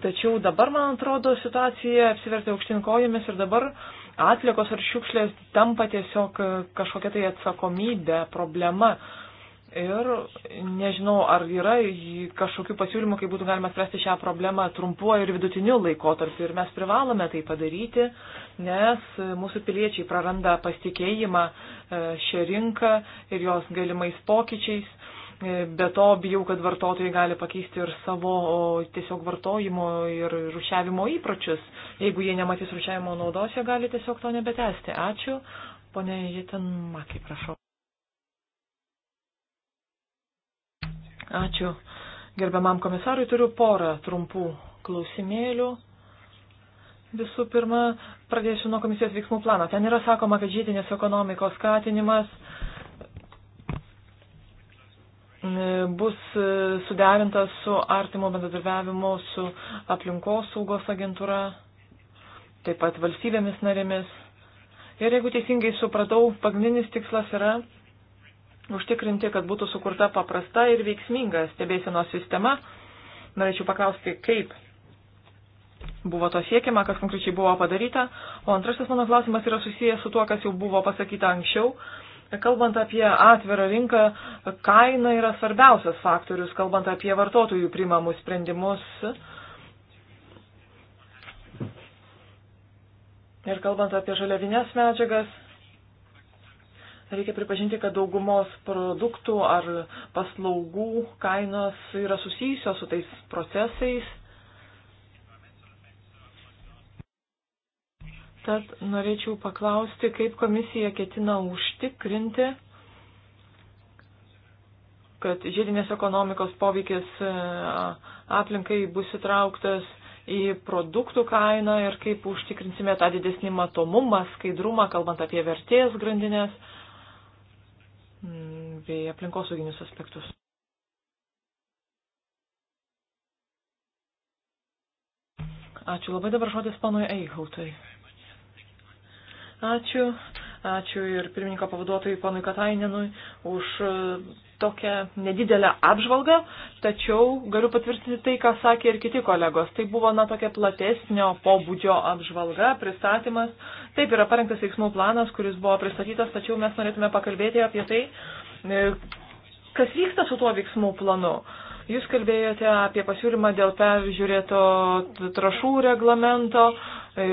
Tačiau dabar, man atrodo, situacija apsivertė aukštinkojomis ir dabar atlikos ar šiukšlės tampa tiesiog kažkokia tai atsakomybė, problema, Ir nežinau, ar yra kažkokių pasiūlymų, kaip būtų galima spręsti šią problemą trumpuoju ir vidutiniu laikotarpiu. Ir mes privalome tai padaryti, nes mūsų piliečiai praranda pasitikėjimą e, šią rinką ir jos galimais pokyčiais. E, be to, bijau, kad vartotojai gali pakeisti ir savo tiesiog vartojimo ir rušiavimo įpročius. Jeigu jie nematys rušiavimo naudos, jie gali tiesiog to nebetesti. Ačiū. Pone Jitin Makai, prašau. Ačiū. Gerbiamam komisarui turiu porą trumpų klausimėlių. Visų pirma, pradėsiu nuo komisijos veiksmų plano. Ten yra sakoma, kad žydinės ekonomikos skatinimas bus e, suderintas su artimo bendradarbiavimu, su aplinkos saugos agentūra, taip pat valstybėmis narėmis. Ir jeigu teisingai supratau, pagrindinis tikslas yra užtikrinti, kad būtų sukurta paprasta ir veiksminga stebėsienos sistema. Norėčiau paklausti, kaip buvo to siekiama, kas konkrečiai buvo padaryta. O antrasis mano klausimas yra susijęs su tuo, kas jau buvo pasakyta anksčiau. Kalbant apie atvirą rinką, kaina yra svarbiausias faktorius, kalbant apie vartotojų primamus sprendimus. Ir kalbant apie žaliavinės medžiagas, Reikia pripažinti, kad daugumos produktų ar paslaugų kainos yra susijusios su tais procesais. Tad norėčiau paklausti, kaip komisija ketina užtikrinti, kad žiedinės ekonomikos poveikis e, aplinkai bus įtrauktas į produktų kainą ir kaip užtikrinsime tą didesnį matomumą, skaidrumą, kalbant apie vertės grandinės bei aplinkosauginius aspektus. Ačiū labai dabar žodis panui Eichautui. Ačiū. Ačiū ir pirmininko pavaduotojui panui Katainenui už e, tokią nedidelę apžvalgą, tačiau galiu patvirtinti tai, ką sakė ir kiti kolegos. Tai buvo, na, tokia platesnio pobūdžio apžvalga, pristatymas. Taip yra parengtas veiksmų planas, kuris buvo pristatytas, tačiau mes norėtume pakalbėti apie tai, E, kas vyksta su tuo veiksmų planu? Jūs kalbėjote apie pasiūlymą dėl peržiūrėto trašų reglamento e,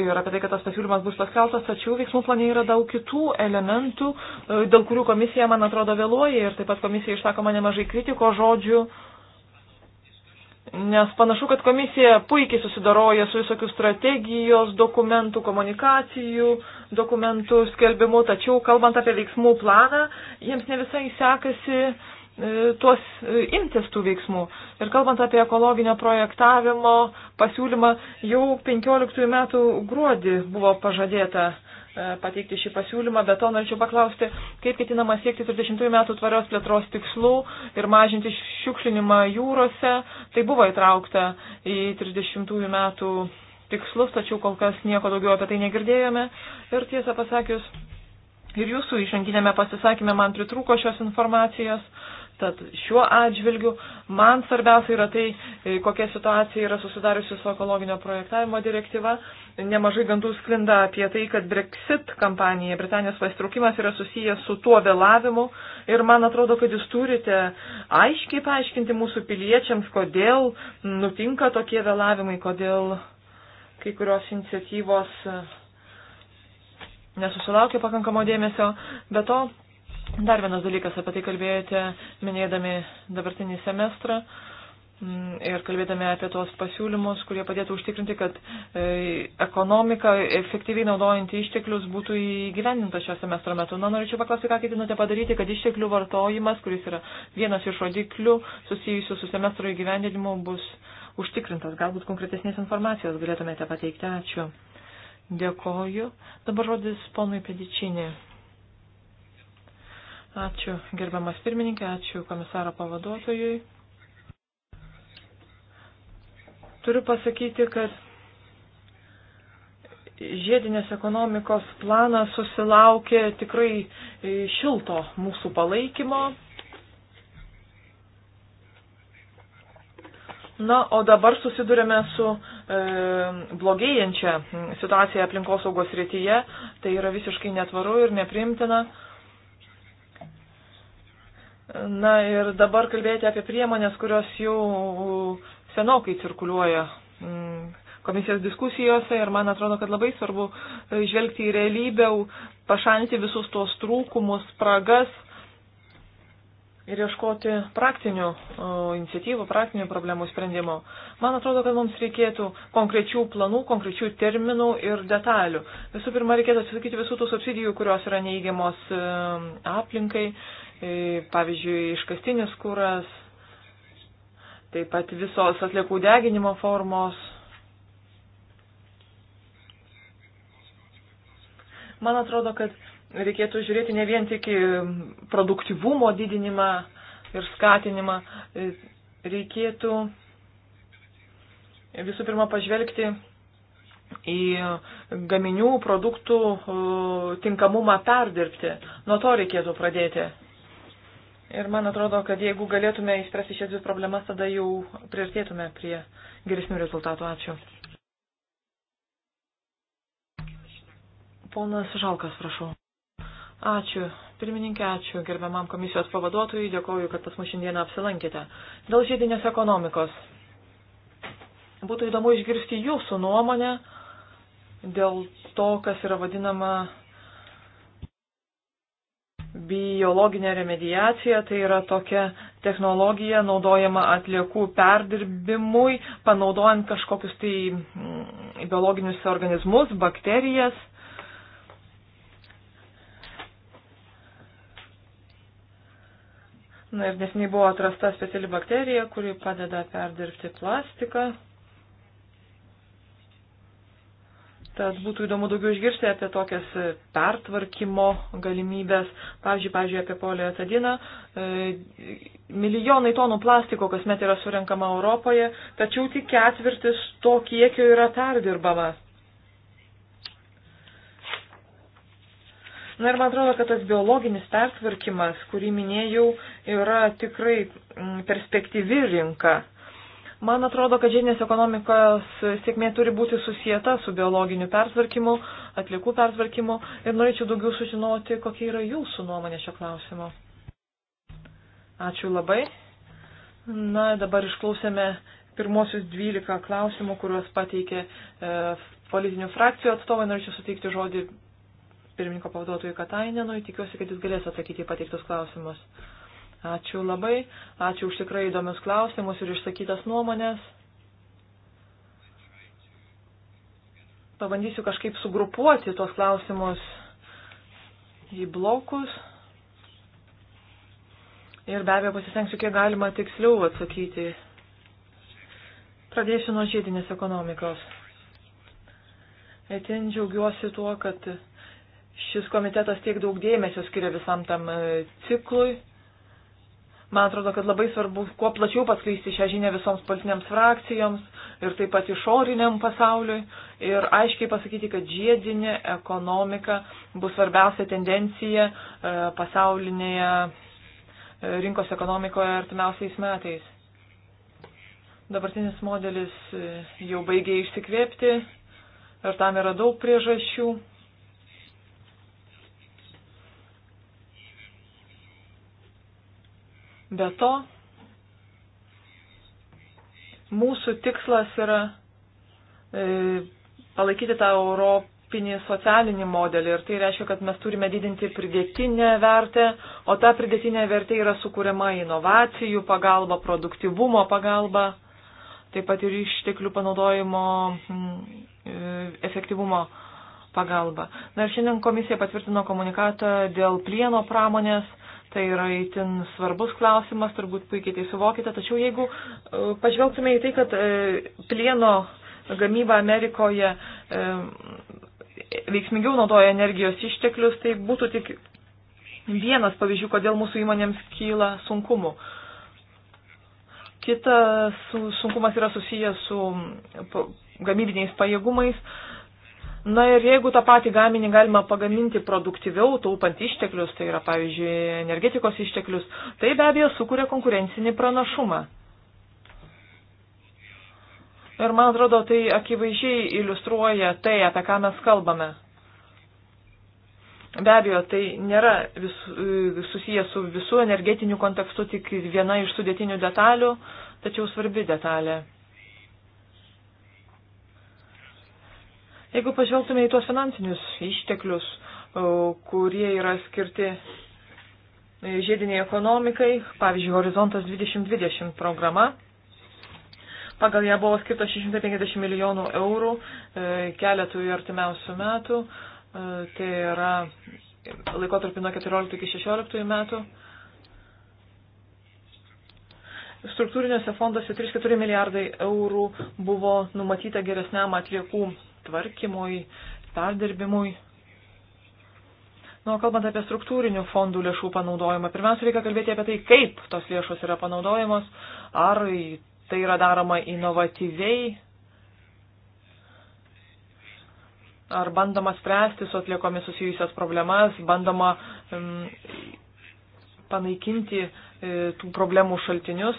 ir apie tai, kad tas pasiūlymas bus paskeltas, tačiau veiksmų plane yra daug kitų elementų, e, dėl kurių komisija, man atrodo, vėluoja ir taip pat komisija išsakoma nemažai kritiko žodžių. Uh, Nes panašu, kad komisija puikiai susidaroja su visokių strategijos dokumentų, komunikacijų dokumentų skelbimu, tačiau kalbant apie veiksmų planą, jiems ne visai sekasi e, tuos e, imtis tų veiksmų. Ir kalbant apie ekologinio projektavimo pasiūlymą, jau 15 metų gruodį buvo pažadėta E, pateikti šį pasiūlymą, bet to norėčiau paklausti, kaip ketinama siekti 30 metų tvarios plėtros tikslų ir mažinti šiukšlinimą jūrose. Tai buvo įtraukta į 30 metų tikslus, tačiau kol kas nieko daugiau apie tai negirdėjome. Ir tiesą pasakius, ir jūsų išanginėme pasisakymė man pritrūko šios informacijos. Uh, Tad šiuo atžvilgiu man svarbiausia yra tai, e, kokia situacija yra susidariusi su ekologinio projektavimo direktyva. Nemažai gandų sklinda apie tai, kad Brexit kampanija, Britanijos pastraukimas yra susijęs su tuo vėlavimu ir man atrodo, kad jūs turite aiškiai paaiškinti mūsų piliečiams, kodėl nutinka tokie vėlavimai, kodėl kai kurios iniciatyvos nesusilaukia pakankamo dėmesio. Be to, Dar vienas dalykas, apie tai kalbėjote, minėdami dabartinį semestrą mm, ir kalbėdami apie tuos pasiūlymus, kurie padėtų užtikrinti, kad e, ekonomika efektyviai naudojant išteklius būtų įgyvendinta šio semestro metu. Na, norėčiau paklausti, ką ketinote padaryti, kad išteklių vartojimas, kuris yra vienas iš rodiklių susijusių su semestro įgyvendinimu, bus užtikrintas. Galbūt konkretesnės informacijos galėtumėte pateikti. Ačiū. Dėkoju. Dabar rodys ponui Pedičinė. Ačiū gerbiamas pirmininkė, ačiū komisaro pavaduotojui. Turiu pasakyti, kad žiedinės ekonomikos planas susilaukė tikrai šilto mūsų palaikymo. Na, o dabar susidurėme su e, blogėjančia situacija aplinkosaugos rytyje. Tai yra visiškai netvaru ir nepriimtina. E, Na ir dabar kalbėti apie priemonės, kurios jau senokai cirkuliuoja mm, komisijos diskusijose ir man atrodo, kad labai svarbu žvelgti į realybę, pašalinti visus tuos trūkumus, spragas ir ieškoti praktinių iniciatyvų, praktinių problemų sprendimo. Man atrodo, kad mums reikėtų konkrečių planų, konkrečių terminų ir detalių. Visų pirma, reikėtų atsisakyti visų tų subsidijų, kurios yra neįgiamos e, aplinkai E, pavyzdžiui, iškastinis kūras, taip pat visos atliekų deginimo formos. Man atrodo, kad reikėtų žiūrėti ne vien tik į produktivumo didinimą ir skatinimą, e, reikėtų visų pirma pažvelgti į gaminių produktų e, tinkamumą perdirbti. Nuo to reikėtų pradėti. Ir man atrodo, kad jeigu galėtume įspręsti šias dvi problemas, tada jau priartėtume prie geresnių rezultatų. Ačiū. Ponas Žalkas, prašau. Ačiū, pirmininkė, ačiū gerbiamam komisijos pavaduotojui, dėkoju, kad pas mus šiandieną apsilankėte. Dėl žiedinės ekonomikos. Būtų įdomu išgirsti jūsų nuomonę dėl to, kas yra vadinama biologinė remediacija, tai yra tokia technologija naudojama atliekų perdirbimui, panaudojant kažkokius tai mm, biologinius organizmus, bakterijas. Na ir nesiniai buvo atrasta speciali bakterija, kuri padeda perdirbti plastiką. Tad būtų įdomu daugiau išgirsti apie tokias e, pertvarkymo galimybės. Pavyzdžiui, pavyzdžiui apie polietadiną. E, milijonai tonų plastiko kasmet yra surinkama Europoje, tačiau tik ketvirtis to kiekio yra perdirbamas. Na ir man atrodo, kad tas biologinis pertvarkymas, kurį minėjau, yra tikrai mm, perspektyvi rinka. Man atrodo, kad žiedinės ekonomikos sėkmė turi būti susijęta su biologiniu persvarkimu, atlikų persvarkimu ir norėčiau daugiau sužinoti, kokia yra jūsų nuomonė šio klausimo. Ačiū labai. Na, dabar išklausėme pirmosius 12 klausimų, kuriuos pateikė e, politinių frakcijų atstovai. Norėčiau suteikti žodį pirmininko pavaduotojui Katainenui. Tikiuosi, kad jis galės atsakyti į pateiktus klausimus. Ačiū labai, ačiū už tikrai įdomius klausimus ir išsakytas nuomonės. Pabandysiu kažkaip sugrupuoti tuos klausimus į blokus. Ir be abejo pasistengsiu kiek galima tiksliau atsakyti. Pradėsiu nuo žiedinės ekonomikos. Etin džiaugiuosi tuo, kad šis komitetas tiek daug dėmesio skiria visam tam e, ciklui Man atrodo, kad labai svarbu kuo plačiau paskleisti šią žinią visoms politinėms frakcijoms ir taip pat išoriniam pasauliui ir aiškiai pasakyti, kad žiedinė ekonomika bus svarbiausia tendencija e, pasaulinėje e, rinkos ekonomikoje artimiausiais metais. Dabartinis modelis e, jau baigė išsikvėpti ir tam yra daug priežasčių. Be to, mūsų tikslas yra e, palaikyti tą europinį socialinį modelį ir tai reiškia, kad mes turime didinti pridėtinę vertę, o ta pridėtinė vertė yra sukūriama inovacijų pagalba, produktivumo pagalba, taip pat ir išteklių panaudojimo e, efektyvumo pagalba. Na ir šiandien komisija patvirtino komunikatą dėl plieno pramonės Tai yra įtin svarbus klausimas, turbūt puikiai tai suvokite. Tačiau jeigu e, pažvelgtume į tai, kad e, plieno gamyba Amerikoje e, veiksmingiau naudoja energijos išteklius, tai būtų tik vienas pavyzdžių, kodėl mūsų įmonėms kyla sunkumų. Kitas sunkumas yra susijęs su gamybiniais pajėgumais. Na ir jeigu tą patį gaminį galima pagaminti produktyviau, taupant išteklius, tai yra pavyzdžiui energetikos išteklius, tai be abejo sukuria konkurencinį pranašumą. Ir man atrodo, tai akivaizdžiai iliustruoja tai, apie ką mes kalbame. Be abejo, tai nėra vis, susijęs su visų energetiniu kontekstu, tik viena iš sudėtinių detalių, tačiau svarbi detalė. Jeigu pažvelgtume į tuos finansinius išteklius, kurie yra skirti e, žiediniai ekonomikai, pavyzdžiui, Horizontas 2020 programa, pagal ją buvo skirta 650 milijonų eurų e, keletui artimiausių metų, e, tai yra laikotarpį nuo 14 iki 16 metų. Struktūriniuose fonduose 3-4 milijardai eurų buvo numatyta geresniam atliekų tvarkymui, perdirbimui. Na, nu, kalbant apie struktūrinių fondų lėšų panaudojimą, pirmiausia, reikia kalbėti apie tai, kaip tos lėšos yra panaudojamos, ar tai yra daroma inovatyviai, ar bandoma spręsti su atliekomis susijusias problemas, bandoma um, panaikinti e, tų problemų šaltinius,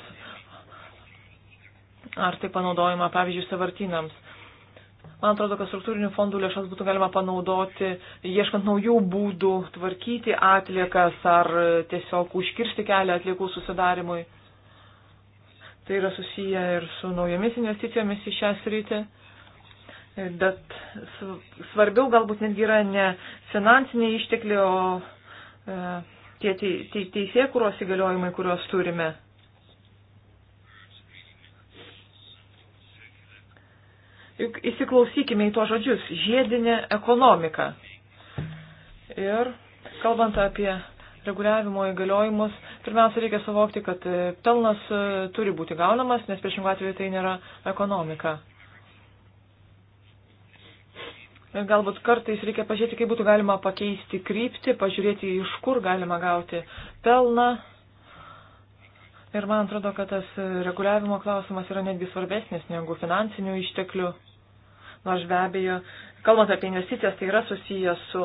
ar tai panaudojama, pavyzdžiui, savartinams. Man atrodo, kad struktūrinių fondų lėšas būtų galima panaudoti, ieškant naujų būdų tvarkyti atliekas ar tiesiog užkirsti kelią atliekų susidarimui. Tai yra susiję ir su naujomis investicijomis į šią sritį. Bet svarbiau galbūt netgi yra ne finansiniai ištekliai, o e, tie teisėkuros įgaliojimai, kuriuos turime. Juk įsiklausykime į tuos žodžius - žiedinė ekonomika. Ir kalbant apie reguliavimo įgaliojimus, pirmiausia, reikia suvokti, kad pelnas e, turi būti gaunamas, nes priešingų atveju tai nėra ekonomika. Ir galbūt kartais reikia pažiūrėti, kaip būtų galima pakeisti kryptį, pažiūrėti, iš kur galima gauti pelną. Ir man atrodo, kad tas reguliavimo klausimas yra netgi svarbesnis negu finansinių išteklių. Nors be abejo, kalbant apie investicijas, tai yra susijęs su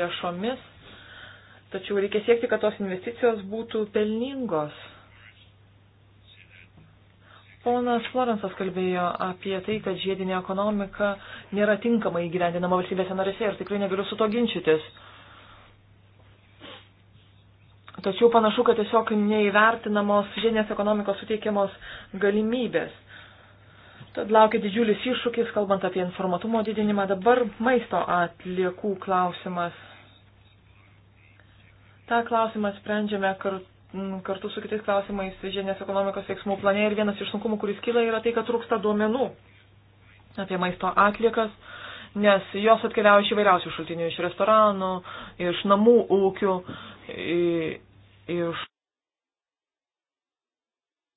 lėšomis, tačiau reikia siekti, kad tos investicijos būtų pelningos. Ponas Florensas kalbėjo apie tai, kad žiedinė ekonomika nėra tinkamai įgyvendinama valstybėse narėse ir tikrai negaliu su to ginčytis. Tačiau panašu, kad tiesiog neįvertinamos žiedinės ekonomikos suteikiamos galimybės. Tad laukia didžiulis iššūkis, kalbant apie informatumo didinimą. Dabar maisto atliekų klausimas. Ta klausimą sprendžiame kartu kartu su kitais klausimais žiedinės ekonomikos veiksmų plane ir vienas iš sunkumų, kuris kyla, yra tai, kad trūksta duomenų apie maisto atliekas, nes jos atkeliauja iš įvairiausių šaltinių, iš restoranų, iš namų ūkių iš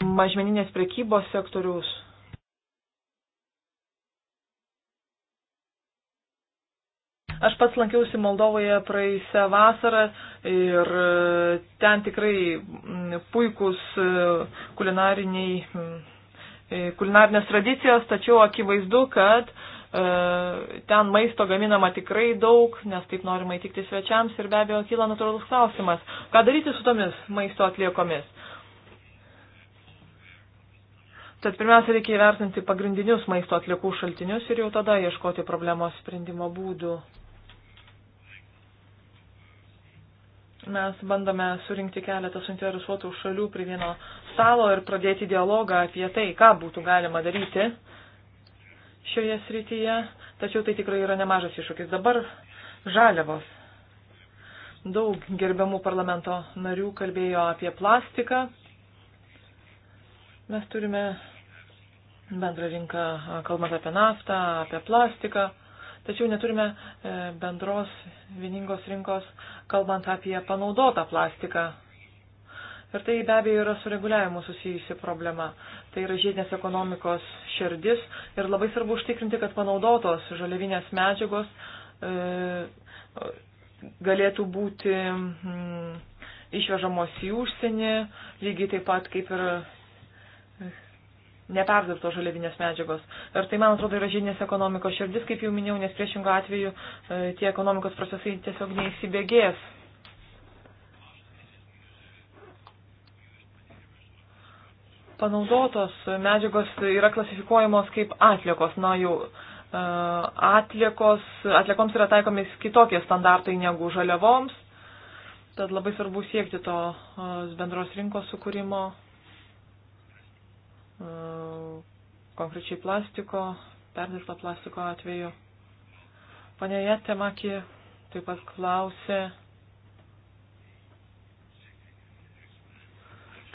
mažmeninės prekybos sektoriaus. Aš pats lankiausi Moldovoje praeisę vasarą ir e, ten tikrai puikus e, kulinariniai e, kulinarinės tradicijos, tačiau akivaizdu, kad E, ten maisto gaminama tikrai daug, nes taip norima įtikti svečiams ir be abejo kyla natūralus klausimas, ką daryti su tomis maisto atliekomis. Tad pirmiausia, reikia įvertinti pagrindinius maisto atliekų šaltinius ir jau tada ieškoti problemos sprendimo būdų. Mes bandome surinkti keletą suinteresuotų šalių prie vieno stalo ir pradėti dialogą apie tai, ką būtų galima daryti. Uh, šioje srityje, tačiau tai tikrai yra nemažas iššūkis. Dabar žaliavos. Daug gerbiamų parlamento narių kalbėjo apie plastiką. Mes turime bendrą rinką, kalbant apie naftą, apie plastiką, tačiau neturime e, bendros vieningos rinkos, kalbant apie panaudotą plastiką. Ir tai be abejo yra su reguliavimu susijusi problema tai yra žiedinės ekonomikos širdis ir labai svarbu užtikrinti, kad panaudotos žaliavinės medžiagos e, galėtų būti mm, išvežamos į užsienį, lygiai taip pat kaip ir e, neperdirbtos žaliavinės medžiagos. Ir tai, man atrodo, yra žiedinės ekonomikos širdis, kaip jau minėjau, nes priešingų atveju e, tie ekonomikos procesai tiesiog neįsibėgės. panaudotos medžiagos yra klasifikuojamos kaip atliekos. Na jau e, atliekos, atliekoms yra taikomi kitokie standartai negu žaliavoms. Tad labai svarbu siekti tos e, bendros rinkos sukūrimo, e, konkrečiai plastiko, perdirbto plastiko atveju. Pane Jetemaki taip pat klausė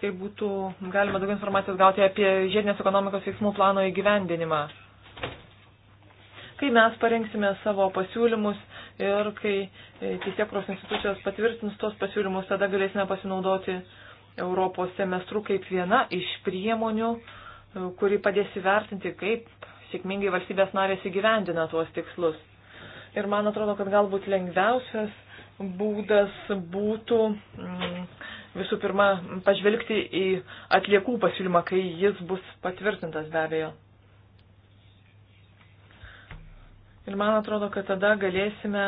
kaip būtų galima daugiau informacijos gauti apie žiedinės ekonomikos veiksmų plano įgyvendinimą. Kai mes parengsime savo pasiūlymus ir kai e, teisėkros institucijos patvirtins tos pasiūlymus, tada galėsime pasinaudoti Europos semestru kaip viena iš priemonių, e, kuri padės įvertinti, kaip sėkmingai valstybės narės įgyvendina tuos tikslus. Ir man atrodo, kad galbūt lengviausias būdas būtų. Mm, visų pirma pažvelgti į atliekų pasiūlymą, kai jis bus patvirtintas be abejo. Ir man atrodo, kad tada galėsime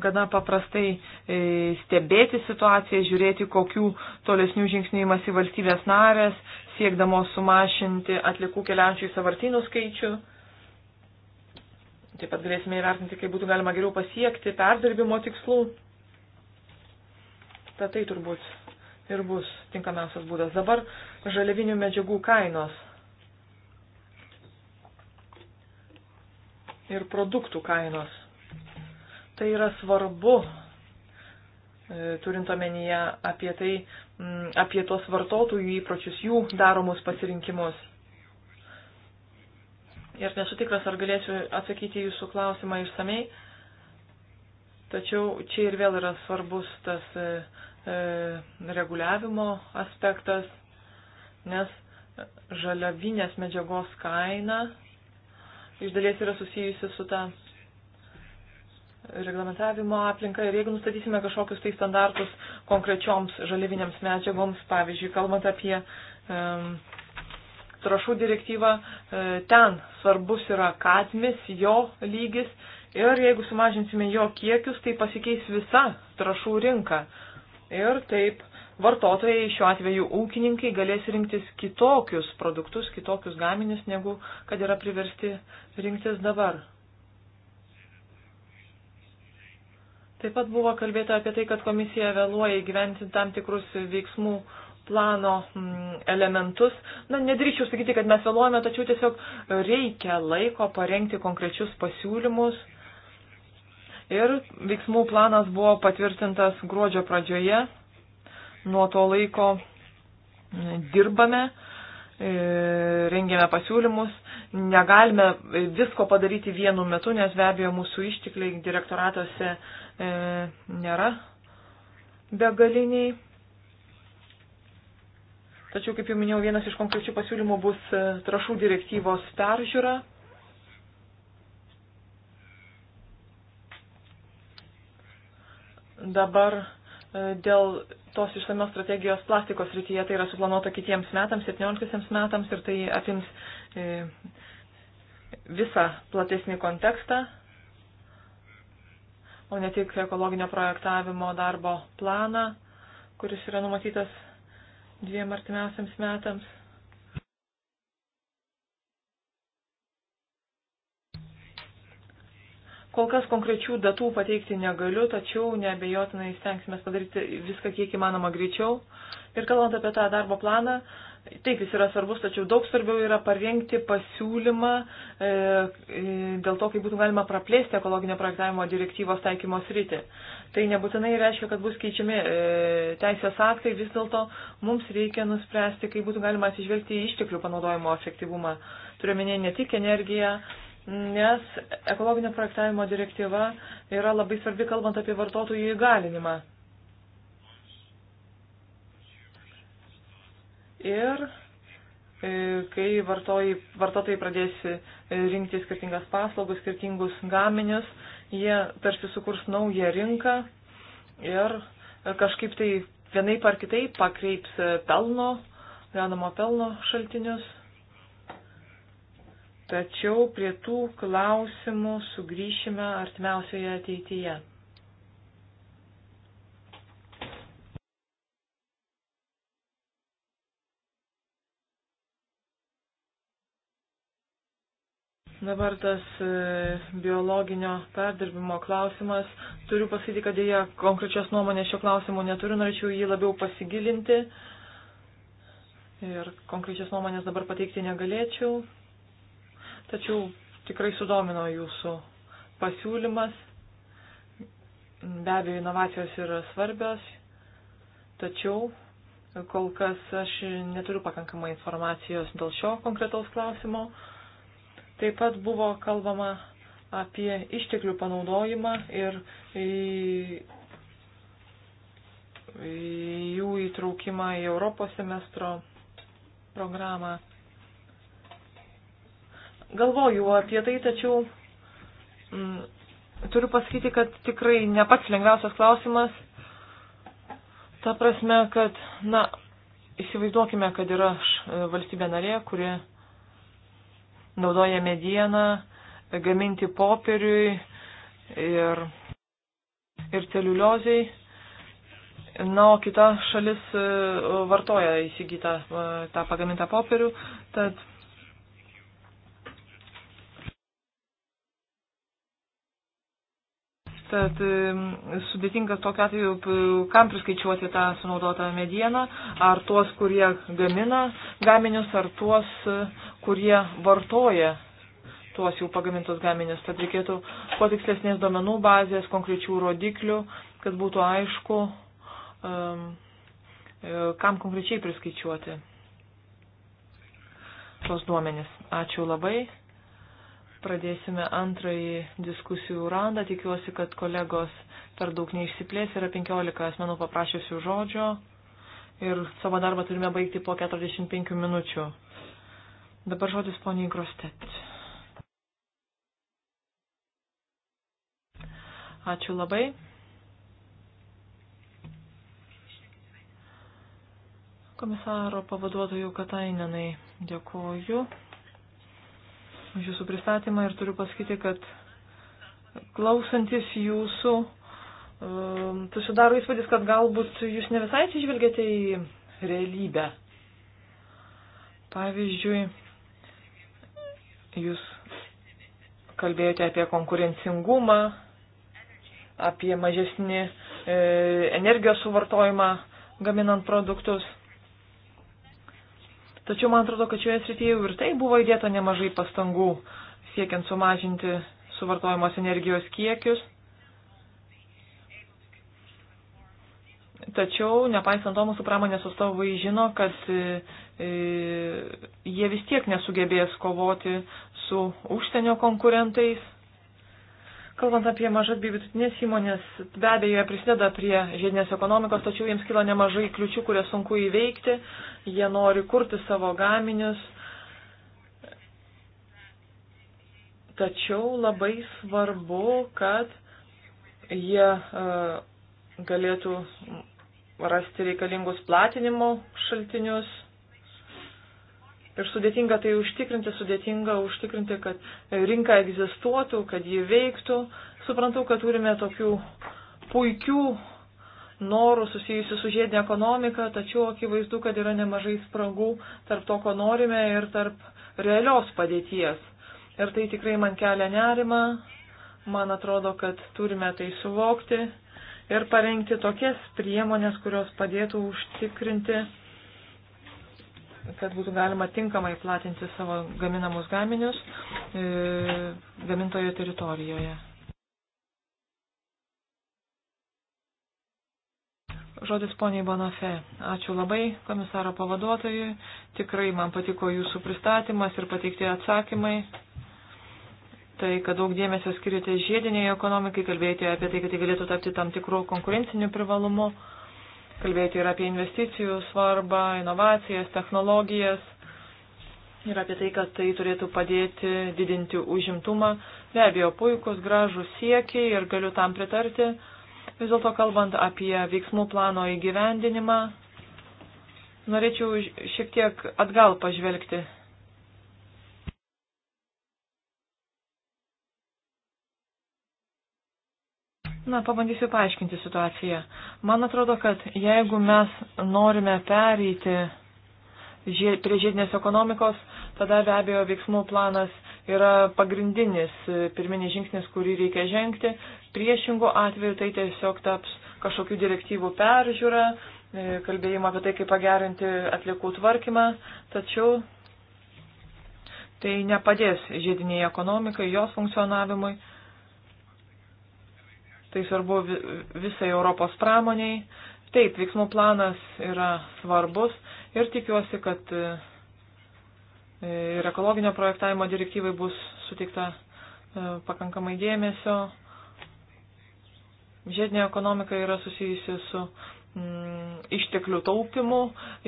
gana paprastai e, stebėti situaciją, žiūrėti, kokių tolesnių žingsnių įmasi valstybės narės, siekdamos sumažinti atlikų keliančių į savartynų skaičių. Taip pat galėsime įvertinti, kaip būtų galima geriau pasiekti perdirbimo tikslų. Tad tai turbūt ir bus tinkamiausias būdas. Dabar žaliavinių medžiagų kainos ir produktų kainos. Tai yra svarbu, e, turint omenyje apie tai, apie tos vartotojų įpročius, jų daromus pasirinkimus. Ir nesu tikras, ar galėsiu atsakyti jūsų klausimą išsamei, tačiau čia ir vėl yra svarbus tas e, E, reguliavimo aspektas, nes žaliavinės medžiagos kaina iš dalies yra susijusi su ta reglamentavimo aplinka ir jeigu nustatysime kažkokius tai standartus konkrečioms žaliavinėms medžiagoms, pavyzdžiui, kalbant apie um, trašų direktyvą, e, ten svarbus yra katmis, jo lygis ir jeigu sumažinsime jo kiekius, tai pasikeis visa trašų rinka. Ir taip vartotojai, šiuo atveju ūkininkai, galės rinktis kitokius produktus, kitokius gaminius, negu kad yra priversti rinktis dabar. Taip pat buvo kalbėta apie tai, kad komisija vėluoja įgyventi tam tikrus veiksmų plano mm, elementus. Na, nedrįčiau sakyti, kad mes vėluojame, tačiau tiesiog reikia laiko parengti konkrečius pasiūlymus. Ir veiksmų planas buvo patvirtintas gruodžio pradžioje. Nuo to laiko dirbame, e, rengėme pasiūlymus. Negalime visko padaryti vienu metu, nes be abejo mūsų ištikliai direktoratuose e, nėra begaliniai. Tačiau, kaip jau minėjau, vienas iš konkrečių pasiūlymų bus e, trašų direktyvos peržiūra. dabar e, dėl tos išsamios strategijos plastikos rytyje tai yra suplanuota kitiems metams, 17 metams ir tai apims e, visą platesnį kontekstą, o ne tik ekologinio projektavimo darbo planą, kuris yra numatytas dviem artimiausiams metams. Kol kas konkrečių datų pateikti negaliu, tačiau neabejotinai stengsime padaryti viską kiek įmanoma greičiau. Ir kalbant apie tą darbo planą, taip jis yra svarbus, tačiau daug svarbiau yra parengti pasiūlymą e, e, dėl to, kaip būtų galima praplėsti ekologinio projektavimo direktyvos taikymo sritį. Tai nebūtinai reiškia, kad bus keičiami e, teisės aktai, vis dėlto mums reikia nuspręsti, kaip būtų galima atsižvelgti į išteklių panaudojimo efektyvumą. Turiuomenė ne tik energiją, nes ekologinio projektavimo direktyva yra labai svarbi, kalbant apie vartotojų įgalinimą. Ir e, kai vartojai, vartotojai pradės e, rinkti skirtingas paslaugas, skirtingus gaminius, jie tarsi sukurs naują rinką ir kažkaip tai vienai par kitai pakreips e, pelno, gaunamo pelno šaltinius. Tačiau prie tų klausimų sugrįšime artimiausioje ateityje. Dabar tas e, biologinio perdirbimo klausimas. Turiu pasakyti, kad dėja konkrečios nuomonės šio klausimu neturiu, norėčiau jį labiau pasigilinti. Ir konkrečios nuomonės dabar pateikti negalėčiau. Tačiau tikrai sudomino jūsų pasiūlymas. Be abejo, inovacijos yra svarbios, tačiau kol kas aš neturiu pakankamai informacijos dėl šio konkretaus klausimo. Taip pat buvo kalbama apie išteklių panaudojimą ir jų įtraukimą į Europos semestro programą galvojau apie tai, tačiau mm, turiu pasakyti, kad tikrai ne pats lengviausias klausimas. Ta prasme, kad, na, įsivaizduokime, kad yra e, valstybė narė, kuri naudoja medieną gaminti popieriui ir, ir celiuliozijai. Na, o kita šalis e, vartoja įsigytą e, tą pagamintą popierių, tad Tad sudėtingas tokiu atveju, kam priskaičiuoti tą sunaudotą medieną, ar tuos, kurie gamina gaminius, ar tuos, kurie vartoja tuos jau pagamintus gaminius. Tad reikėtų kuo tikslesnės domenų bazės, konkrečių rodiklių, kad būtų aišku, e, kam konkrečiai priskaičiuoti tuos duomenis. Ačiū labai pradėsime antrąjį diskusijų randą. Tikiuosi, kad kolegos per daug neišsiplės. Yra 15 asmenų paprašysiu žodžio ir savo darbą turime baigti po 45 minučių. Dabar žodis poniai Grostet. Ačiū labai. Komisaro pavaduotojų Katainenai dėkoju už jūsų pristatymą ir turiu pasakyti, kad klausantis jūsų, um, susidaro įspūdis, kad galbūt jūs ne visai atsižvelgėte į realybę. Pavyzdžiui, jūs kalbėjote apie konkurencingumą, apie mažesnį e, energijos suvartojimą gaminant produktus. Tačiau man atrodo, kad šioje srityje jau ir tai buvo įdėta nemažai pastangų siekiant sumažinti suvartojamos energijos kiekius. Tačiau, nepaisant to, mūsų pramonės atstovai žino, kad e, e jie vis tiek nesugebės kovoti su užsienio konkurentais Kalbant apie mažas bei vidutinės įmonės, be abejo, jie prisideda prie žiedinės ekonomikos, tačiau jiems kyla nemažai kliučių, kurias sunku įveikti. Jie nori kurti savo gaminius. Tačiau labai svarbu, kad jie e, galėtų rasti reikalingus platinimo šaltinius Ir sudėtinga tai užtikrinti, sudėtinga užtikrinti, kad rinka egzistuotų, kad ji veiktų. Suprantu, kad turime tokių puikių norų susijusių su žiedinė ekonomika, tačiau akivaizdu, kad yra nemažai spragų tarp to, ko norime ir tarp realios padėties. Ir tai tikrai man kelia nerimą, man atrodo, kad turime tai suvokti ir parengti tokias priemonės, kurios padėtų užtikrinti kad būtų galima tinkamai platinti savo gaminamus gaminius e, gamintojo teritorijoje. Žodis poniai Bonafe. Ačiū labai komisaro pavaduotojui. Tikrai man patiko jūsų pristatymas ir pateikti atsakymai. Tai, kad daug dėmesio skiriate žiediniai ekonomikai, kalbėjote apie tai, kad tai galėtų tapti tam tikrų konkurencinių privalumų kalbėti ir apie investicijų svarbą, inovacijas, technologijas ir apie tai, kad tai turėtų padėti didinti užimtumą. Be abejo, puikus, gražus siekiai ir galiu tam pritarti. Vis dėlto kalbant apie veiksmų plano įgyvendinimą, norėčiau šiek tiek atgal pažvelgti Na, pabandysiu paaiškinti situaciją. Man atrodo, kad jeigu mes norime pereiti prie žiedinės ekonomikos, tada be abejo veiksmų planas yra pagrindinis pirminis žingsnis, kurį reikia žengti. Priešingų atveju tai tiesiog taps kažkokių direktyvų peržiūra, e, kalbėjimą apie tai, kaip pagerinti atliekų tvarkymą, tačiau tai nepadės žiediniai ekonomikai, jos funkcionavimui tai svarbu visai Europos pramoniai. Taip, veiksmų planas yra svarbus ir tikiuosi, kad e, ir ekologinio projektavimo direktyvai bus suteikta e, pakankamai dėmesio. Žiedinė ekonomika yra susijusi su mm, išteklių taupimu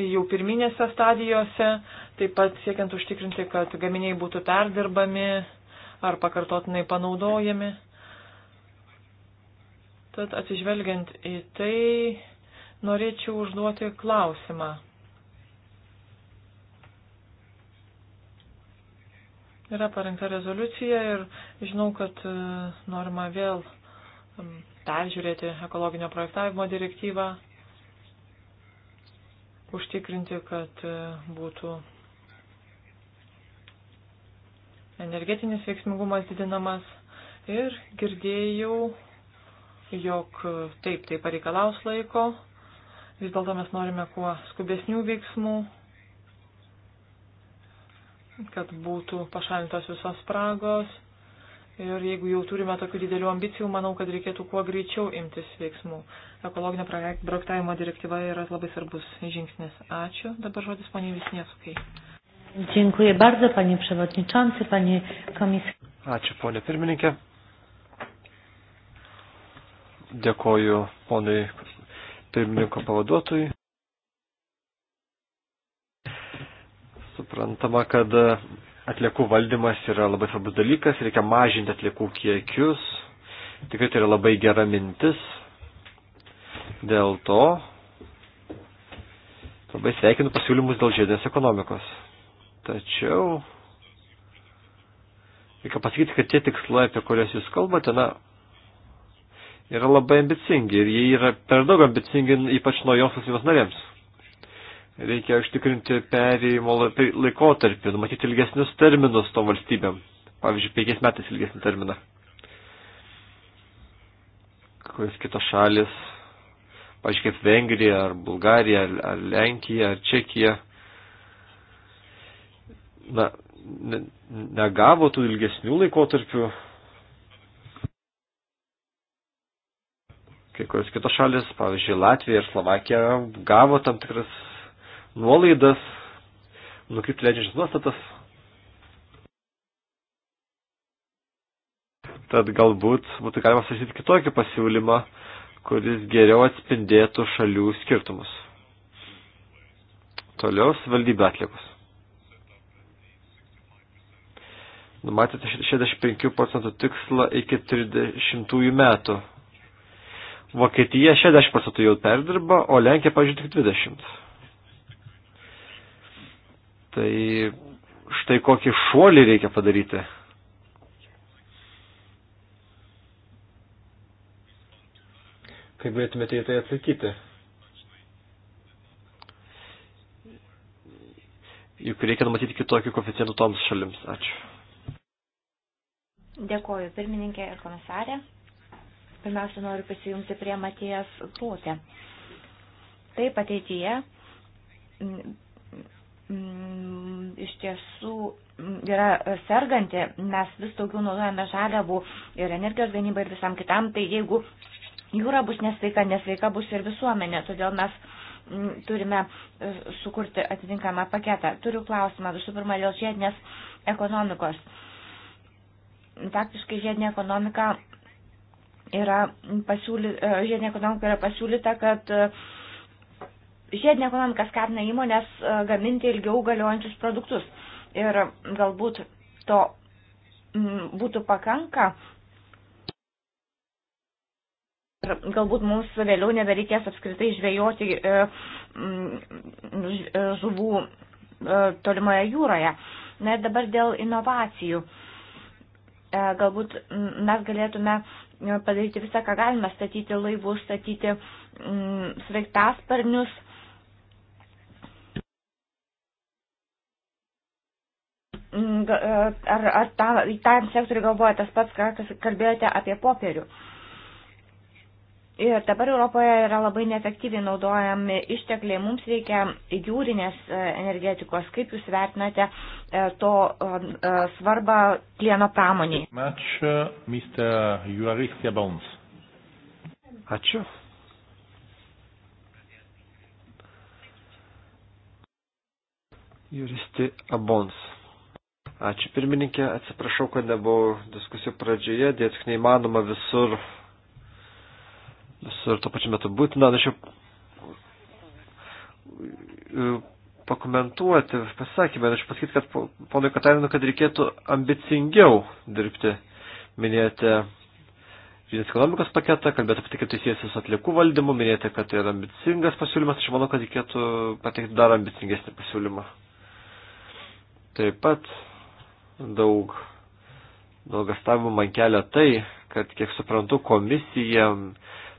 jau pirminėse stadijose, taip pat siekiant užtikrinti, kad gaminiai būtų perdirbami ar pakartotinai panaudojami. Tad atsižvelgiant į tai, norėčiau užduoti klausimą. Yra parengta rezoliucija ir žinau, kad e, norima vėl peržiūrėti ekologinio projektavimo direktyvą, užtikrinti, kad e, būtų energetinis veiksmingumas didinamas ir girdėjau jog taip, tai pareikalaus laiko, vis dėlto mes norime kuo skubesnių veiksmų, kad būtų pašalintos visos spragos. Ir jeigu jau turime tokių didelių ambicijų, manau, kad reikėtų kuo greičiau imtis veiksmų. Ekologinio projektavimo direktyva yra labai svarbus žingsnis. Ačiū. Dabar žodis poniai Visniesukai. Dziękuję bardzo, panie przewodniczący, panie komisarzu. Ačiū, ponė pirmininkė. Dėkoju ponui pirmininko pavaduotojui. Suprantama, kad atliekų valdymas yra labai svarbus dalykas, reikia mažinti atliekų kiekius. Tikrai tai yra labai gera mintis. Dėl to labai sveikinu pasiūlymus dėl žiedės ekonomikos. Tačiau reikia pasakyti, kad tie tikslai, apie kurias jūs kalbate, na, yra labai ambicingi ir jie yra per daug ambicingi ypač naujoms valstybės narėms. Reikia užtikrinti perėjimo tai laikotarpį, numatyti ilgesnius terminus tom valstybėm. Pavyzdžiui, penkiais metais ilgesnį terminą. Kuris kitos šalis, pavyzdžiui, kaip Vengrija, ar Bulgarija, ar, ar Lenkija, ar Čekija, na, ne, negavo tų ilgesnių laikotarpių Kai kurios kitos šalis, pavyzdžiui, Latvija ir Slovakija, gavo tam tikras nuolaidas, nukrypti leidžiančias nuostatas. Tad galbūt būtų galima sakyti kitokį pasiūlymą, kuris geriau atspindėtų šalių skirtumus. Toliau valdybė atlikus. Numatėte 65 procentų tikslą iki 30 metų. Vokietija 60 procentų jau perdirba, o Lenkija, pažiūrėjau, tik 20. Tai štai kokį šuolį reikia padaryti. Kaip galėtumėte į tai atsakyti? Juk reikia numatyti kitokį koeficientų toms šalims. Ačiū. Dėkuoju, pirmininkė ir komisarė. Pirmiausia, noriu pasijungti prie Matijas Plūtė. Taip, ateityje iš tiesų yra serganti, mes vis daugiau naudojame žaliavų ir energijos gamybai ir visam kitam, tai jeigu jūra bus nesveika, nesveika bus ir visuomenė, todėl mes turime e, sukurti atitinkamą paketą. Turiu klausimą visų pirma dėl žiedinės ekonomikos. Faktiškai žiedinė ekonomika yra pasiūlyta, e, žiedinė ekonomika yra pasiūlyta, kad e, žiedinė ekonomika skatina įmonės e, gaminti ilgiau galiojančius produktus. Ir galbūt to būtų pakanka. Ir galbūt mums vėliau nebereikės apskritai žvejoti žuvų tolimoje jūroje. Na ir dabar dėl inovacijų. Galbūt mes galėtume padaryti visą, ką galime, statyti laivus, statyti mm, sveiktasparnius. Mm, ar, ar tam, tam sektoriu galvoja tas pats, ką kalbėjote apie popierių? Uh, Ir dabar Europoje yra labai neefektyviai naudojami ištekliai. Mums reikia jūrinės e, energetikos. Kaip Jūs vertinate e, to e, svarbą plieno pramoniai? Ačiū. Juristi Abons. Ačiū pirmininkė, atsiprašau, kad nebuvau diskusijų pradžioje, dėt neįmanoma visur visur tuo pačiu metu būti. Na, norėčiau e, pakomentuoti pasakymą, norėčiau pasakyti, kad ponui Katarinui, kad reikėtų ambicingiau dirbti. Minėjote žiedinės ekonomikos paketą, kalbėti apie tai, kaip tai siejasi su atliekų valdymu, minėjote, kad tai yra ambicingas pasiūlymas, aš manau, kad reikėtų pateikti dar ambicingesnį pasiūlymą. Taip pat daug nuogastavimų man kelia tai, kad, kiek suprantu, komisija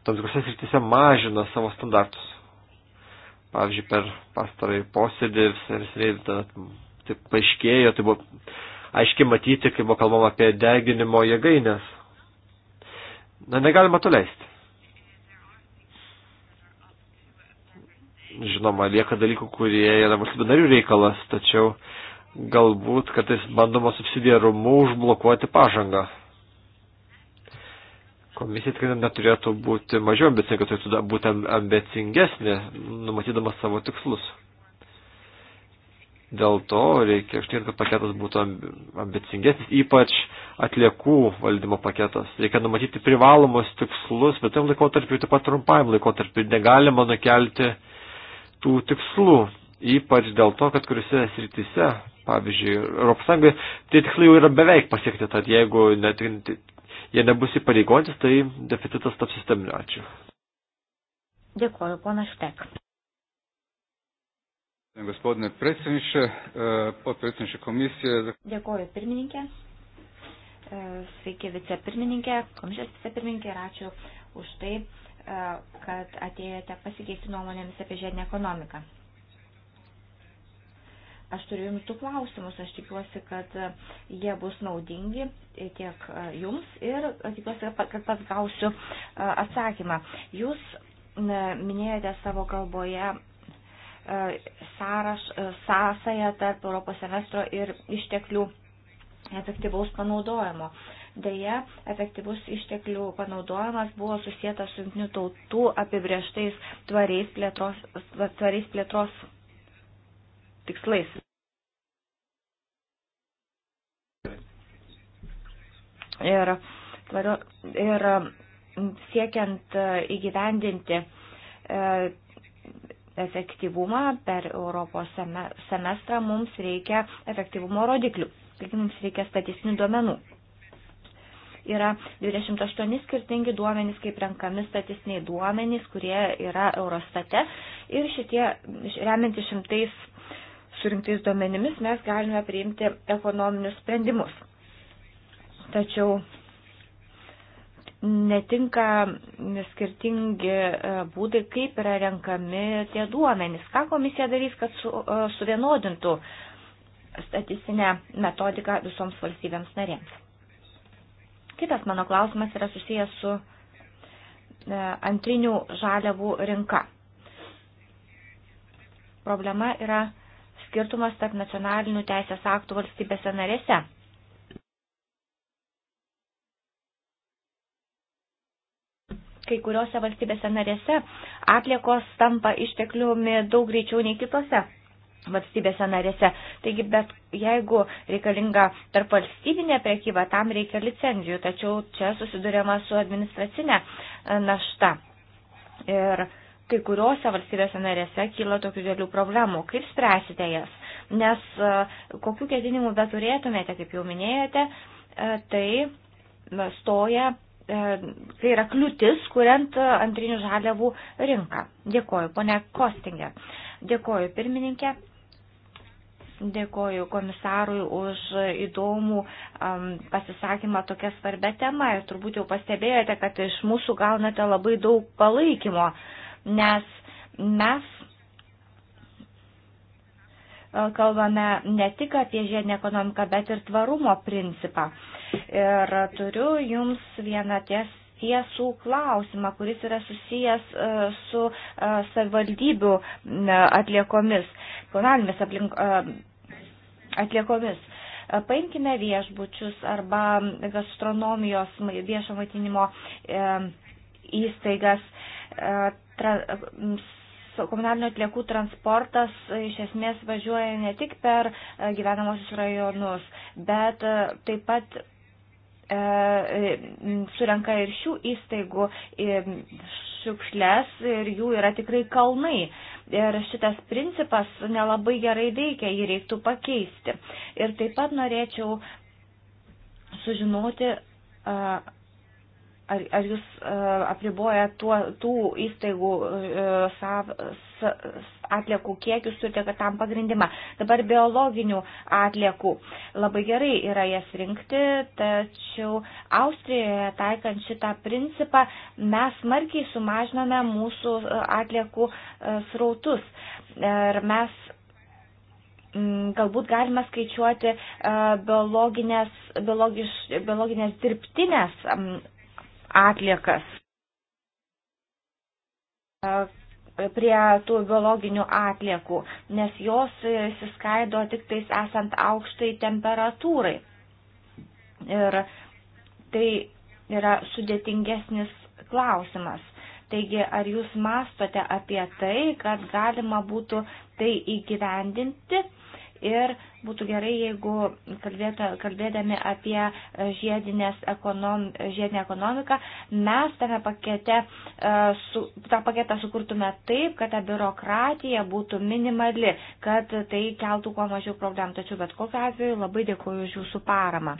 tam tikrose srityse mažina savo standartus. Pavyzdžiui, per pastarąjį posėdį visai tai paaiškėjo, tai buvo aiškiai matyti, kai buvo kalbama apie deginimo jėgainės. Na, negalima to leisti. Žinoma, lieka dalykų, kurie yra valstybių narių reikalas, tačiau galbūt kartais bandoma subsidiarumu užblokuoti pažangą. Komisija tikrai neturėtų būti mažiau ambicinga, turėtų būti ambicingesnė, numatydama savo tikslus. Dėl to reikia užtikrinti, kad paketas būtų ambicingesnis, ypač atliekų valdymo paketas. Reikia numatyti privalomus tikslus, bet tam laikotarpiu, taip pat trumpajam laikotarpiu negalima nukelti tų tikslų, ypač dėl to, kad kuriuose srityse, pavyzdžiui, Europos Sąjungoje, tie tikslai jau yra beveik pasiekti, tad jeigu net jie nebus įpareigotis, tai deficitas taps sisteminiu. Ačiū. Dėkuoju, ponas Štek. Gospodine predsjedniče, e, potpredsjedniče komisije. Dėkuoju, pirmininkė. E, sveiki, vicepirmininkė, komisijos vicepirmininkė ir ačiū už tai, e, kad atėjote pasikeisti nuomonėmis apie žiedinę ekonomiką. Aš turiu jums du klausimus, aš tikiuosi, kad jie bus naudingi tiek jums ir tikiuosi, kad pats gausiu atsakymą. Jūs minėjote savo kalboje sąraš, sąsąją tarp Europos semestro ir išteklių efektyvaus panaudojimo. Deja, efektyvus išteklių panaudojimas buvo susijęta su jungtinių tautų apibrieštais tvariais plėtros, tvariais plėtros tikslais. Ir, ir siekiant įgyvendinti e, efektyvumą per Europos semestrą mums reikia efektyvumo rodiklių. Taigi mums reikia statistinių duomenų. Yra 28 skirtingi duomenys, kaip renkami statistiniai duomenys, kurie yra Eurostate ir šitie remianti šimtais surinktais duomenimis mes galime priimti ekonominius sprendimus. Tačiau netinka skirtingi e, būdai, kaip yra renkami tie duomenys. Ką komisija darys, kad su, e, suvienodintų statistinę metodiką visoms valstybėms narėms? Kitas mano klausimas yra susijęs su e, antrinių žaliavų rinka. Problema yra skirtumas tarp nacionalinių teisės aktų valstybėse narėse. Kai kuriuose valstybėse narėse atliekos tampa ištekliumi daug greičiau nei kitose valstybėse narėse. Taigi, bet jeigu reikalinga tarp valstybinė prekyba, tam reikia licenzijų, tačiau čia susidurėma su administracinė e, našta. Ir uh, kai kuriuose valstybėse narėse kyla tokių dėlių problemų. Kaip spręsite jas? Nes e, kokių ketinimų beturėtumėte, kaip jau minėjote, e, tai stoja, e, tai yra kliūtis, kuriant antrinių žaliavų rinką. Dėkoju, ponė Kostingė. Dėkoju, pirmininkė. Dėkoju komisarui už įdomų um, pasisakymą tokia svarbia tema ir turbūt jau pastebėjote, kad iš mūsų gaunate labai daug palaikymo. Uh, nes mes e, kalbame ne tik apie žiedinę ekonomiką, bet ir tvarumo principą. Ir turiu jums vieną ties, tiesų klausimą, kuris yra susijęs e, su e, savivaldybių atliekomis, komunalinėmis aplink, atliekomis. Paimkime viešbučius arba gastronomijos viešo maitinimo įstaigas tra, komunalinių atliekų transportas iš esmės važiuoja ne tik per e, gyvenamosius rajonus, bet e, taip pat e, surenka ir šių įstaigų šiukšlės ir jų yra tikrai kalnai. Ir šitas principas nelabai gerai veikia, jį reiktų pakeisti. Ir taip pat norėčiau sužinoti, Ar, ar jūs uh, apriboja tuo, tų įstaigų uh, sav, s, atliekų kiekius, sutiekat tam pagrindimą. Dabar biologinių atliekų labai gerai yra jas rinkti, tačiau Austrijoje taikant šitą principą mes smarkiai sumažiname mūsų e, atliekų uh, srautus. Ir mes galbūt galima skaičiuoti biologinės, biologiš, biologinės dirbtinės atliekas. E, prie tų biologinių atliekų, nes jos įsiskaido tik tais esant aukštai temperatūrai. Ir tai yra sudėtingesnis klausimas. Taigi, ar jūs mastote apie tai, kad galima būtų tai įgyvendinti? Ir būtų gerai, jeigu kalbėta, kalbėdami apie ekonom, žiedinę ekonomiką, mes tame pakete, e, su, tą paketą sukurtume taip, kad ta biurokratija būtų minimali, kad tai keltų kuo mažiau problemų. Tačiau bet kokiu atveju labai dėkuoju už jūsų paramą.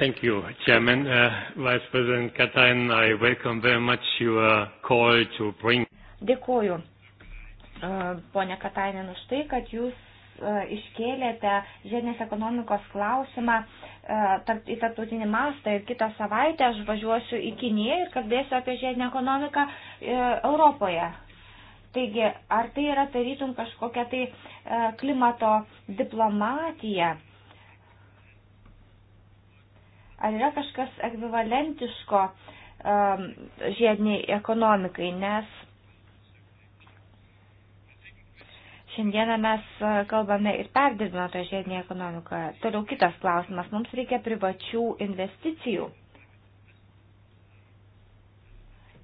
Thank you, Chairman. Uh, Vice President Katainen, I welcome very much your call to bring Dėkuoju, e, ponė Katainen, už tai, kad jūs e, iškėlėte žiedinės ekonomikos klausimą e, į tarptautinį mastą ir kitą savaitę aš važiuosiu į Kiniją ir kalbėsiu apie žiedinę ekonomiką Europoje. Taigi, ar tai yra tarytum kažkokia tai klimato diplomatija? Ar yra kažkas ekvivalentiško žiediniai ekonomikai? Nes Šiandieną mes e, kalbame ir perdirbimą tą žiedinį ekonomiką. Toliau kitas klausimas. Mums reikia privačių investicijų.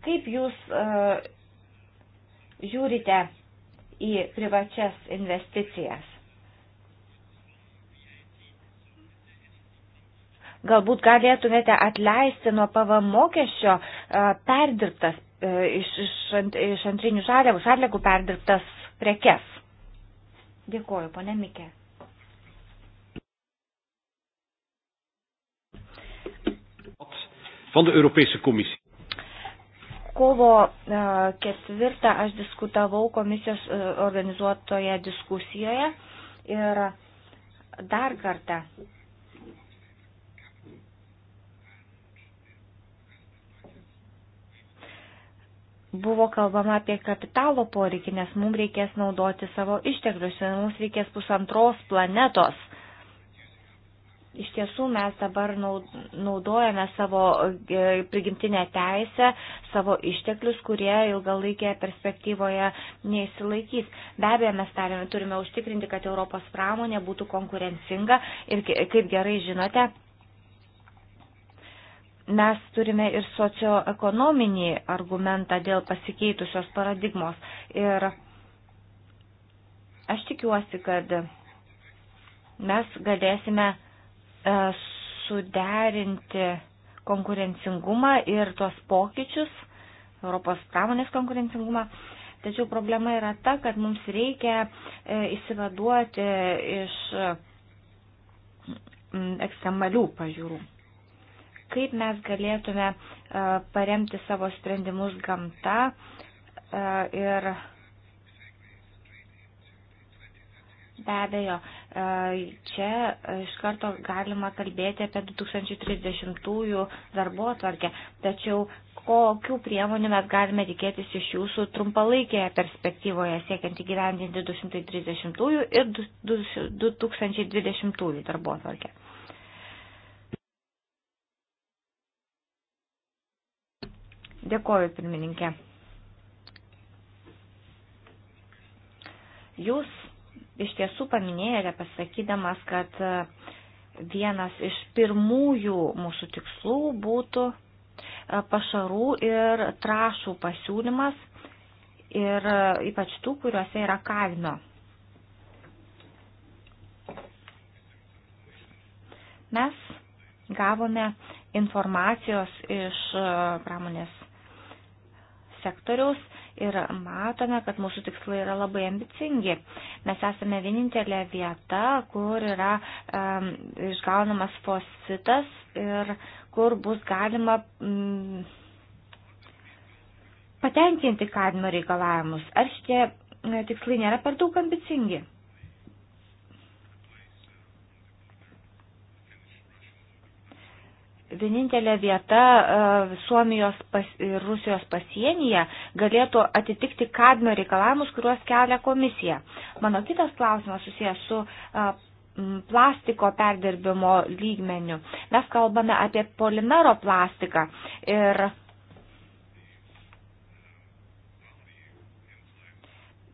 Kaip jūs uh, žiūrite į privačias investicijas? Galbūt galėtumėte atleisti nuo PVM mokesčio uh, perdirbtas, uh, iš, iš, ant, iš antrinių žaliavų, žaliavų perdirbtas prekes. Dėkuoju, ponė Mikė. Van de Europese Commissie kovo e, ketvirtą aš diskutavau komisijos e, organizuotoje diskusijoje ir dar kartą buvo kalbama apie kapitalo poreikį, nes mums reikės naudoti savo išteklius ir mums reikės pusantros planetos. Iš tiesų mes dabar naudojame savo e, prigimtinę teisę, savo išteklius, kurie ilgalaikėje perspektyvoje neįsilaikys. Be abejo, mes tarėme, turime užtikrinti, kad Europos pramonė būtų konkurencinga ir kaip gerai žinote, mes turime ir socioekonominį argumentą dėl pasikeitusios paradigmos. Ir aš tikiuosi, kad mes galėsime e, suderinti konkurencingumą ir tuos pokyčius, Europos pramonės konkurencingumą. Tačiau problema yra ta, kad mums reikia įsivaduoti e, iš ekstremalių pažiūrų kaip mes galėtume e, paremti savo sprendimus gamta e, ir Be abejo, e, čia iš karto galima kalbėti apie 2030-ųjų darbo atvarkę, tačiau kokių priemonių mes galime tikėtis iš jūsų trumpalaikėje perspektyvoje siekiant įgyvendinti 230-ųjų ir 2020-ųjų darbo atvarkę. Dėkoju, pirmininkė. Jūs iš tiesų paminėjote pasakydamas, kad e, vienas iš pirmųjų mūsų tikslų būtų e, pašarų ir trašų pasiūlymas ir e, ypač tų, kuriuose yra kalino. Mes gavome informacijos iš pramonės sektoriaus ir matome, kad mūsų tikslai yra labai ambicingi. Mes esame vienintelė vieta, kur yra um, išgaunamas fositas ir kur bus galima um, patenkinti kadmio reikalavimus. Ar šitie e, tikslai nėra per daug ambicingi? vienintelė vieta e, Suomijos pas, ir Rusijos pasienyje galėtų atitikti kadmio reikalavimus, kuriuos kelia komisija. Mano kitas klausimas susijęs su e, plastiko perdirbimo lygmeniu. Mes kalbame apie polimero plastiką ir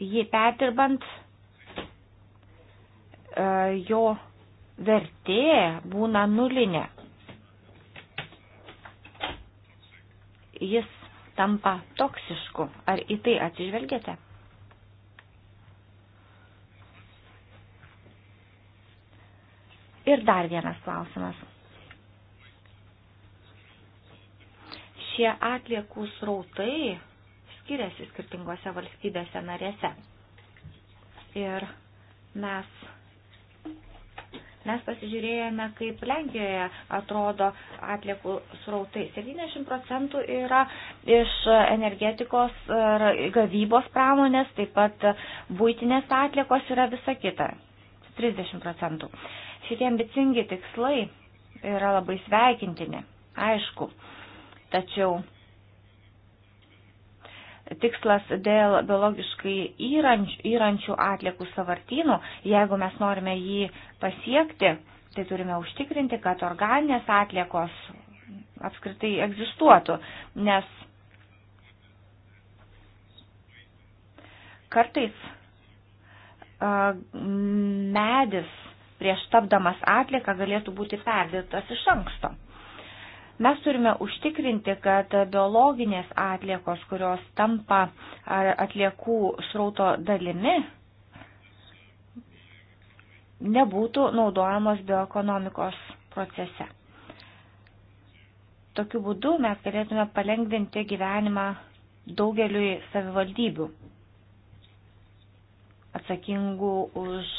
jį perdirbant e, jo vertė būna nulinė. jis tampa toksišku. Ar į tai atsižvelgėte? Ir dar vienas klausimas. Šie atliekų srautai skiriasi skirtingose valstybėse narėse. Ir mes Mes pasižiūrėjome, kaip Lenkijoje atrodo atliekų srautai. 70 procentų yra iš energetikos ir gavybos pramonės, taip pat būtinės atliekos yra visa kita. 30 procentų. Šitie ambicingi tikslai yra labai sveikintini, aišku. Tačiau tikslas dėl biologiškai įrančių, įrančių atliekų savartynų, jeigu mes norime jį pasiekti, tai turime užtikrinti, kad organinės atliekos apskritai egzistuotų, nes kartais medis prieš tapdamas atlieką galėtų būti perdėtas iš anksto. Mes turime užtikrinti, kad biologinės atliekos, kurios tampa atliekų srauto dalimi, nebūtų naudojamos bioekonomikos procese. Tokiu būdu mes galėtume palengvinti gyvenimą daugeliui savivaldybių atsakingų už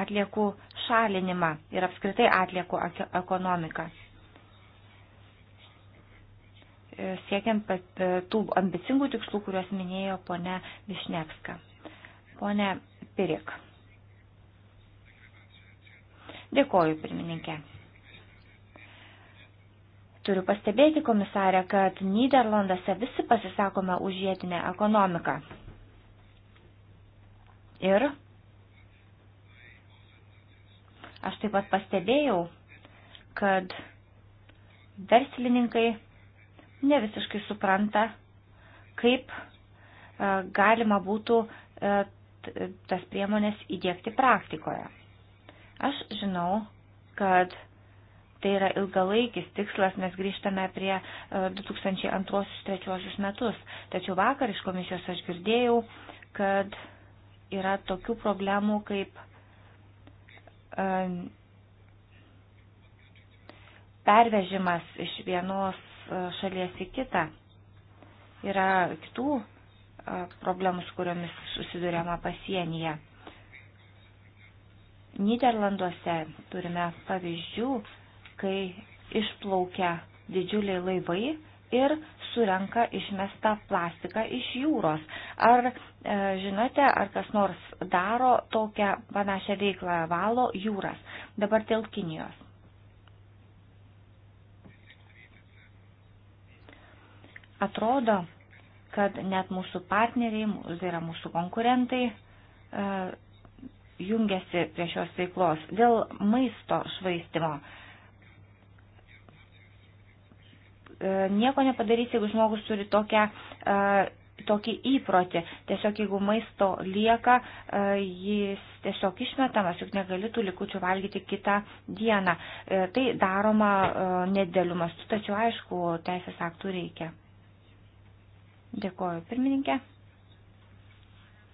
atliekų šalinimą ir apskritai atliekų ekonomiką. E, siekiant e, tų ambicingų tikslų, kuriuos minėjo ponia Višnevska. Pone Pirik. Dėkoju, pirmininkė. Turiu pastebėti, komisarė, kad Niderlanduose visi pasisakome už vietinę ekonomiką. Ir Aš taip pat pastebėjau, kad verslininkai ne visiškai supranta, kaip e, galima būtų e, tas priemonės įdėkti praktikoje. Aš žinau, kad tai yra ilgalaikis tikslas, mes grįžtame prie 2002-2003 e, metus. Tačiau vakar iš komisijos aš girdėjau, kad yra tokių problemų kaip pervežimas iš vienos e, šalies į kitą. Yra kitų e, problemų, su kuriomis susidurėma pasienyje. Niderlanduose turime pavyzdžių, kai išplaukia didžiuliai laivai ir surenka išmestą plastiką iš jūros. Ar E, žinote, ar kas nors daro tokią panašią veiklą valo jūras, dabar dėl Kinijos. Atrodo, kad net mūsų partneriai, tai yra mūsų konkurentai, e, jungiasi prie šios veiklos dėl maisto švaistimo. E, nieko nepadarysi, jeigu žmogus turi tokią tokį įprotį. Tiesiog jeigu maisto lieka, e, jis tiesiog išmetamas, juk negali tų likučių valgyti kitą dieną. E, tai daroma e, nedėlių mastų, tačiau aišku, teisės aktų reikia. Dėkoju, pirmininkė.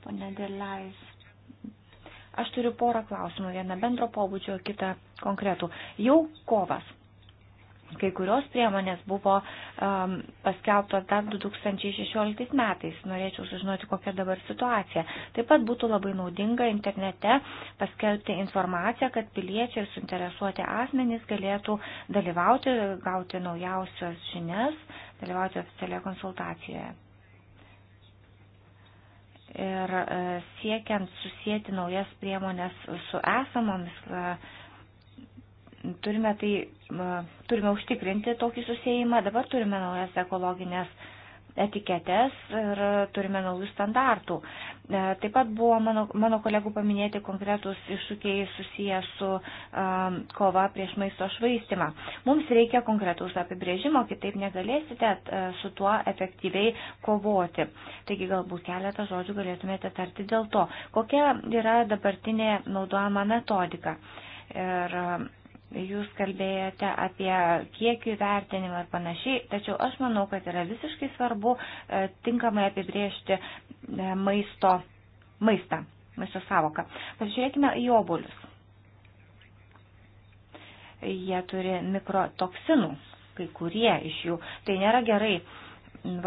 Pone Delais. Aš turiu porą klausimų, vieną bendro pobūdžio, kitą konkretų. Jau kovas Kai kurios priemonės buvo um, paskelbtos dar 2016 metais. Norėčiau sužinoti, kokia dabar situacija. Taip pat būtų labai naudinga internete paskelbti informaciją, kad piliečiai ir suinteresuoti asmenys galėtų dalyvauti, gauti naujausios žinias, dalyvauti oficialioje konsultacijoje ir e, siekiant susijęti naujas priemonės su esamomis e, Turime, tai, turime užtikrinti tokį susėjimą, dabar turime naujas ekologinės etiketes ir turime naujų standartų. E, taip pat buvo mano, mano kolegų paminėti konkretus iššūkiai susiję su um, kova prieš maisto švaistimą. Mums reikia konkretus apibrėžimo, kitaip negalėsite e, su tuo efektyviai kovoti. Taigi galbūt keletą žodžių galėtumėte tarti dėl to, kokia yra dabartinė naudojama metodika. Ir, um, Jūs kalbėjote apie kiekių vertinimą ir panašiai, tačiau aš manau, kad yra visiškai svarbu e, tinkamai apibriežti e, maisto, maistą, maisto savoką. Pažiūrėkime į obulius. Jie turi mikrotoksinų, kai kurie iš jų. Tai nėra gerai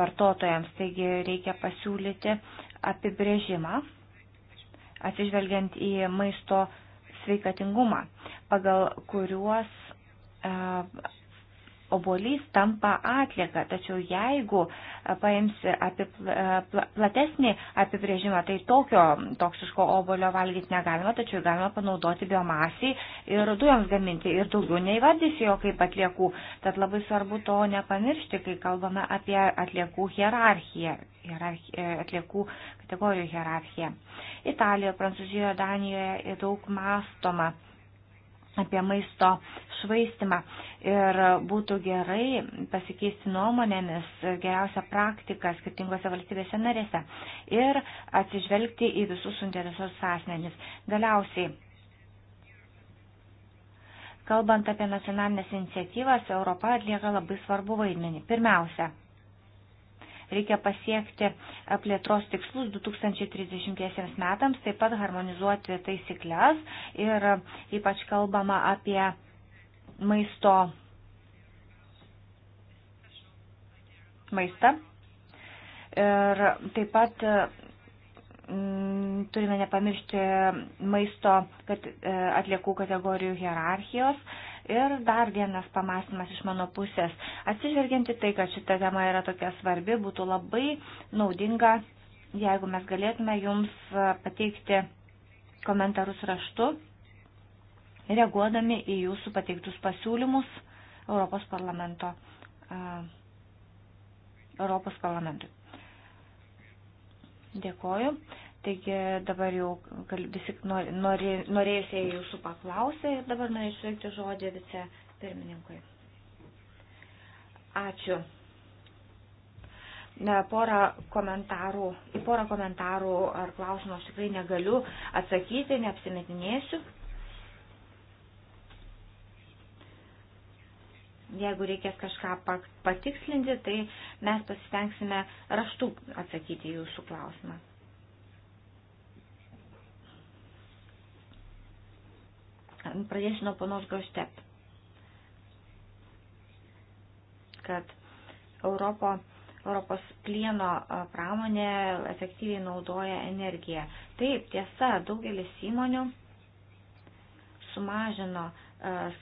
vartotojams, taigi reikia pasiūlyti apibrėžimą, atsižvelgiant į maisto sveikatingumą, pagal kuriuos e, obolys tampa atlieka, tačiau jeigu e, paimsi apie platesnį apibrėžimą, tai tokio toksiško obolio valgyti negalima, tačiau galima panaudoti biomasiai ir dujoms gaminti ir daugiau neįvardysi jo kaip atliekų. Tad labai svarbu to nepamiršti, kai kalbame apie atliekų hierarchiją, hierarchiją e, atliekų kategorijų hierarchiją. Italijoje, Prancūzijoje, Danijoje daug mastoma apie maisto švaistimą. Ir būtų gerai pasikeisti nuomonėmis geriausią praktiką skirtingose valstybėse narėse ir atsižvelgti į visus suinteresuotus asmenis. Galiausiai, kalbant apie nacionalinės iniciatyvas, Europa atlieka labai svarbu vaidmenį. Pirmiausia, Reikia pasiekti plėtros tikslus 2030 metams, taip pat harmonizuoti taisyklės ir ypač kalbama apie maisto maistą. Ir taip pat mm, turime nepamiršti maisto kad, e, atliekų kategorijų hierarchijos Ir dar vienas pamastymas iš mano pusės. Atsižvelgianti tai, kad šita tema yra tokia svarbi, būtų labai naudinga, jeigu mes galėtume jums e, pateikti komentarus raštu, reaguodami į jūsų pateiktus pasiūlymus Europos parlamento. E, Europos parlamentui. Dėkoju. Taigi dabar jau visi norė, norėjusiai jūsų paklausė ir dabar norėčiau suteikti žodį vice pirmininkui. Ačiū. Ne, porą komentarų, į porą komentarų ar klausimų aš tikrai negaliu atsakyti, neapsimetinėsiu. Jeigu reikės kažką patikslinti, tai mes pasistengsime raštų atsakyti jūsų klausimą. Pradėsiu nuo ponos Grostep, kad Europo, Europos plieno pramonė efektyviai naudoja energiją. Taip, tiesa, daugelis įmonių sumažino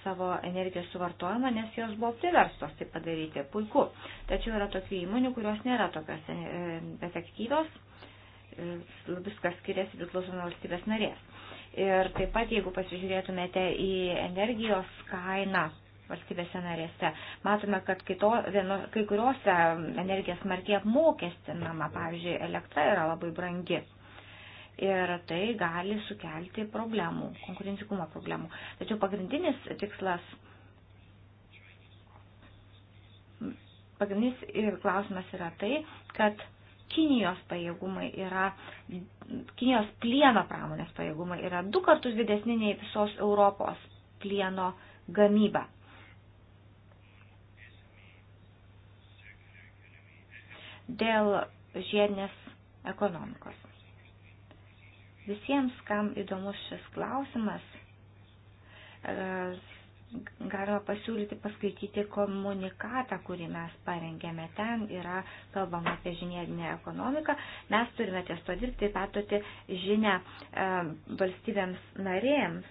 savo energijos suvartojimą, nes jos buvo priverstos tai padaryti. Puiku. Tačiau yra tokių įmonių, kurios nėra tokios e, efektyvios. E, viskas skiriasi priklausomai valstybės narės. Ir taip pat, jeigu pasižiūrėtumėte į energijos kainą valstybėse narėse, matome, kad kito, vieno, kai kuriuose energija smarkiai apmokestinama, pavyzdžiui, elektra yra labai brangi. Ir tai gali sukelti problemų, konkurencikumo problemų. Tačiau pagrindinis tikslas, pagrindinis klausimas yra tai, kad Kinijos pajėgumai yra, Kinijos plieno pramonės pajėgumai yra du kartus didesni nei visos Europos plieno gamyba. Dėl žiedinės ekonomikos. Visiems, kam įdomus šis klausimas, e, galima pasiūlyti paskaityti komunikatą, kurį mes parengėme. Ten yra kalbama apie žinielinę ekonomiką. Mes turime ties to dirbti, perduoti žinę e, valstybėms narėms,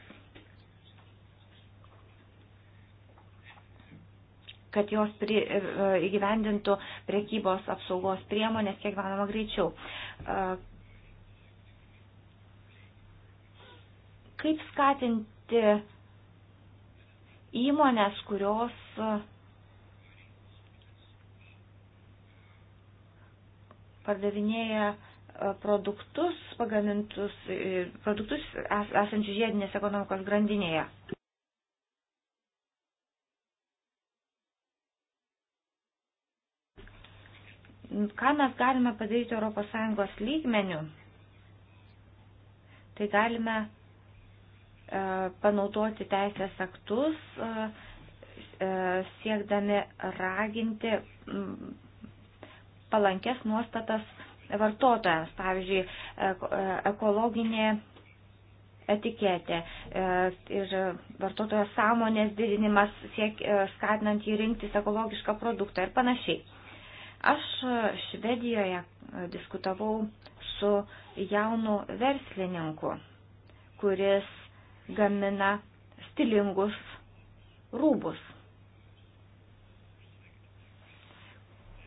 kad jos pri, e, e įgyvendintų priekybos apsaugos priemonės kiek manoma greičiau. E, kaip skatinti įmonės, kurios e, pardavinėja e, produktus pagamintus, e, produktus esančius žiedinės ekonomikos grandinėje. Ką mes galime padaryti ES lygmenių? Tai galime E, panaudoti teisės aktus, e, e, siekdami raginti mm, palankes nuostatas vartotojams, pavyzdžiui, ekologinė etiketė ir vartotojo sąmonės didinimas, siek, skatinant jį rinktis ekologišką produktą ir panašiai. Aš Švedijoje diskutavau su jaunu verslininku, kuris gamina stilingus rūbus,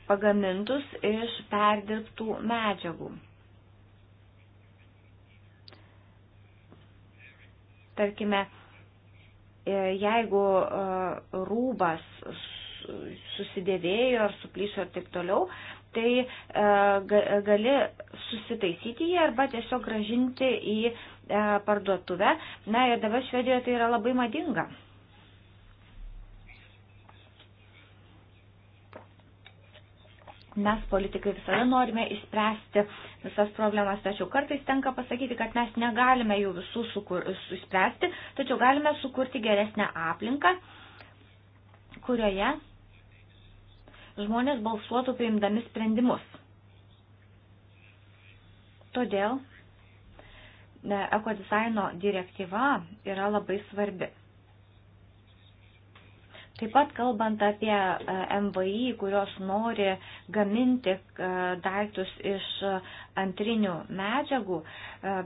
pagamintus iš perdirbtų medžiagų. Tarkime, e, jeigu e, rūbas susidėvėjo ar suplyšo ir taip toliau, tai e, gali susitaisyti jį arba tiesiog gražinti į E, parduotuvę. Na ir dabar Švedijoje tai yra labai madinga. Mes politikai visada norime išspręsti visas problemas, tačiau kartais tenka pasakyti, kad mes negalime jų visų sukur, suspręsti, tačiau galime sukurti geresnę aplinką, kurioje žmonės balsuotų priimdami sprendimus. Todėl E, ekodizaino direktyva yra labai svarbi. Taip pat kalbant apie e, MVI, kurios nori gaminti e, daiktus iš antrinių medžiagų,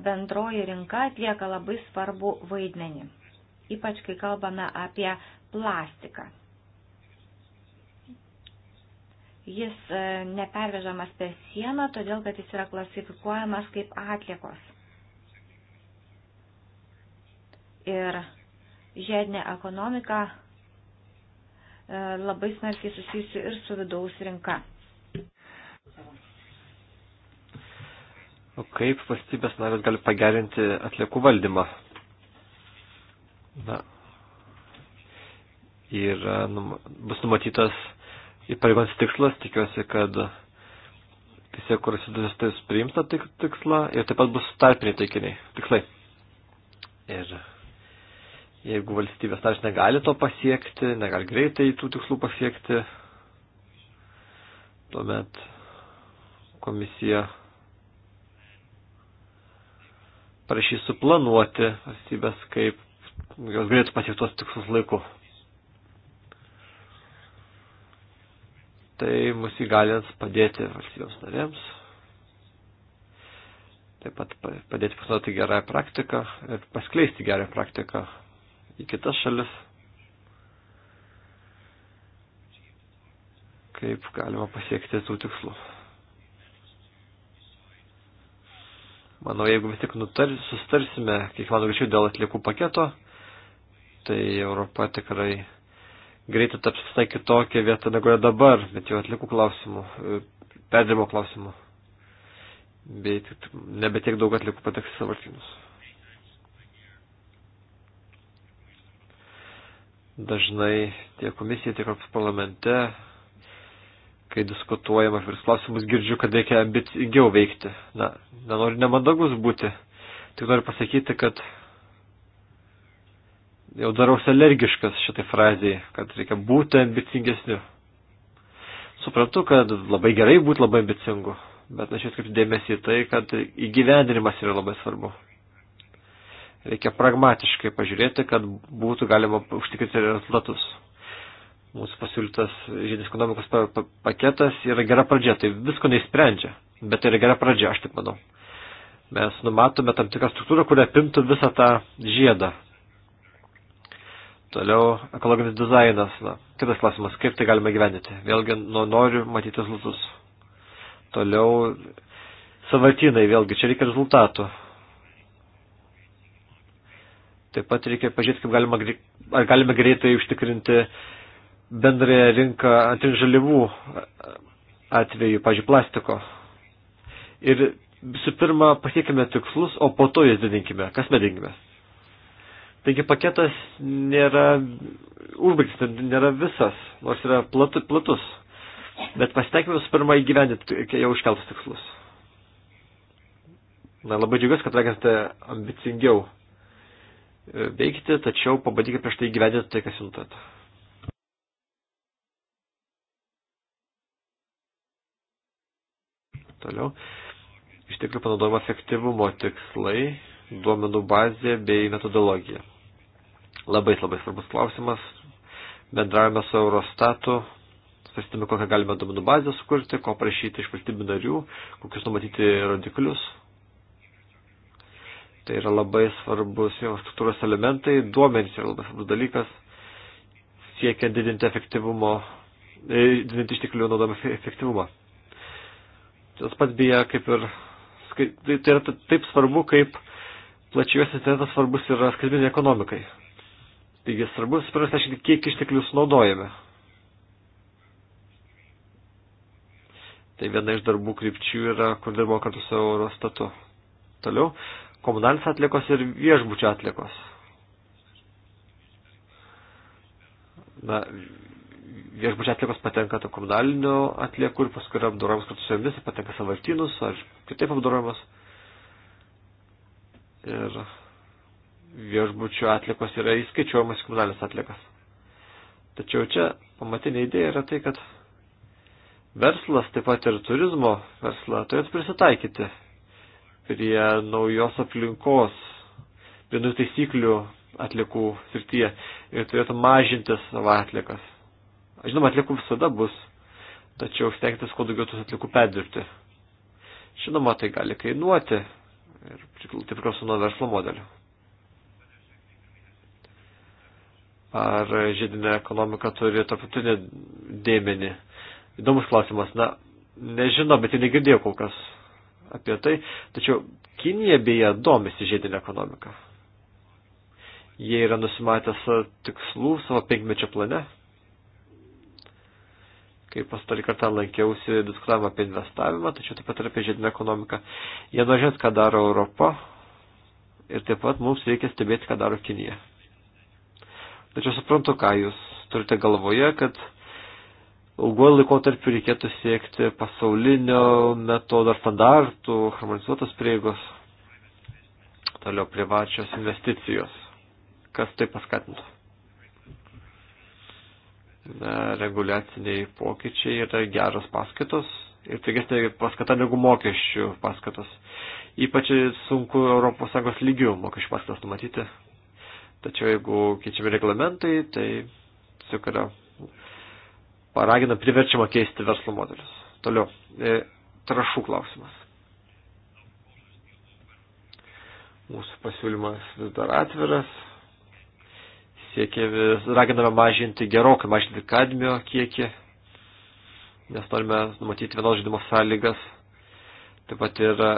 bendroji rinka atlieka labai svarbu vaidmenį, ypač kai kalbame apie plastiką. Jis nepervežamas per sieną, todėl kad jis yra klasifikuojamas kaip atliekos. ir žiedinė ekonomika e, labai smarkiai susijusi ir su vidaus rinka. O kaip valstybės narės gali pagerinti atliekų valdymą? Na, ir num, bus numatytas įpareigonis tikslas, tikiuosi, kad teisė, kuris tai priims tą tikslą ir taip pat bus tarpiniai taikiniai, tikslai. Ir Jeigu valstybės narys negali to pasiekti, negali greitai tų tikslų pasiekti, tuomet komisija prašys suplanuoti valstybės, kaip jos greitai pasiekti tuos tikslus laiku. Tai mus įgalins padėti valstybėms narėms taip pat padėti pasinaudoti gerąją praktiką ir paskleisti gerąją praktiką į kitas šalis, kaip galima pasiekti tų tikslų. Manau, jeigu vis tik nutar, sustarsime, kiek man greičiau, dėl atliekų paketo, tai Europa tikrai greitai taps visai kitokia vieta negu dabar, bet jau atliekų klausimų, e, perdirbo klausimų, bei nebetiek daug atliekų pateks į savartynus. Dažnai tiek komisija, tiek parlamente, kai diskutuojama apie klausimus, girdžiu, kad reikia ambicingiau veikti. Na, nenoriu nemandagus būti. Tik noriu pasakyti, kad jau darausi alergiškas šitai frazijai, kad reikia būti ambicingesniu. Suprantu, kad labai gerai būti labai ambicingu, bet aš vis kaip dėmesį į tai, kad įgyvendinimas yra labai svarbu. Reikia pragmatiškai pažiūrėti, kad būtų galima užtikrinti rezultatus. Mūsų pasiūlytas žiedinės ekonomikos pa pa paketas yra gera pradžia, tai visko neįsprendžia, bet tai yra gera pradžia, aš taip manau. Mes numatome tam tikrą struktūrą, kuri apimtų visą tą žiedą, Toliau ekologinis dizainas. Na, kitas klausimas, kaip tai galima gyvendyti. Vėlgi nu, noriu matyti rezultatus. Toliau savartinai, vėlgi čia reikia rezultatų. Taip pat reikia pažiūrėti, kaip galima, ar galime greitai užtikrinti bendrąją rinką antrinių žalivų atveju, pažiūrėjau, plastiko. Ir visų pirma, pasiekime tikslus, o po to jas didinkime, kas medinkime. Taigi paketas nėra užbaigtas, nėra visas, nors yra platu, platus. Bet pasitenkime visų pirma įgyvendinti jau iškeltus tikslus. Na, labai džiugiuosi, kad raginate ambicingiau veikti, tačiau pabandykite prieš tai gyvendinti tai, kas jums duota. Toliau. Išteklių panaudojimo efektyvumo tikslai, duomenų bazė bei metodologija. Labai labai svarbus klausimas. Bendravime su Eurostatu, svarstėme, kokią galime duomenų bazę sukurti, ko prašyti iš valstybių narių, kokius numatyti rodiklius, Tai yra labai svarbus jo struktūros elementai, duomenys yra labai svarbus dalykas, siekiant didinti efektyvumo, e, didinti išteklių naudojimo efektyvumą. Tas pats bija kaip ir, tai, tai yra taip svarbu, kaip plačiuosios internetas svarbus yra skaitminė ekonomikai. Taigi svarbus, pirmiausia, aiškinti, kiek išteklių sunaudojame. Tai viena iš darbų krypčių yra, kur dirbau kartu su Eurostatu. Toliau, komunalis atlikos ir viešbučio atlikos. Na, viešbučio atlikos patenka to komunalinio atliekų ir paskui yra apdorojamas kartu su jomis, patenka savartynus ar kitaip apdorojamas. Ir viešbučio atlikos yra įskaičiuojamas komunalinės atlikas. Tačiau čia pamatinė idėja yra tai, kad verslas, taip pat ir turizmo verslą, turėtų prisitaikyti prie naujos aplinkos, prie naujų taisyklių atlikų srityje ir turėtų mažinti savo atlikas. Žinoma, atlikų visada bus, tačiau stengtis kuo daugiau tų atlikų perdirbti. Žinoma, tai gali kainuoti ir tai priklauso nuo verslo modelio. Ar žiedinė ekonomika turi tarptautinį dėmenį? Įdomus klausimas. Na, nežinau, bet jie negirdėjo kol kas apie tai, tačiau Kinija beje domisi žiedinę ekonomiką. Jie yra nusimatę tikslų savo penkmečio plane. Kai pastarį kartą lankiausi, diskutavome apie investavimą, tačiau taip pat ir apie žiedinę ekonomiką. Jie norės, ką daro Europa ir taip pat mums reikia stebėti, ką daro Kinija. Tačiau suprantu, ką jūs turite galvoje, kad ilguoju laikotarpiu reikėtų siekti pasaulinio metodo standartų, harmonizuotos prieigos, toliau privačios investicijos. Kas tai paskatintų? Reguliaciniai pokyčiai yra geros paskatos ir pigesnė paskata negu mokesčių paskatos. Ypač sunku ES lygių mokesčių paskatas numatyti. Tačiau jeigu keičiami reglamentai, tai sukuria paragina priverčiama keisti verslo modelius. Toliau, e, trašų klausimas. Mūsų pasiūlymas vis dar atviras. Siekia vis, raginame mažinti gerokai, mažinti kadmio kiekį, nes norime numatyti vienos žaidimo sąlygas. Taip pat yra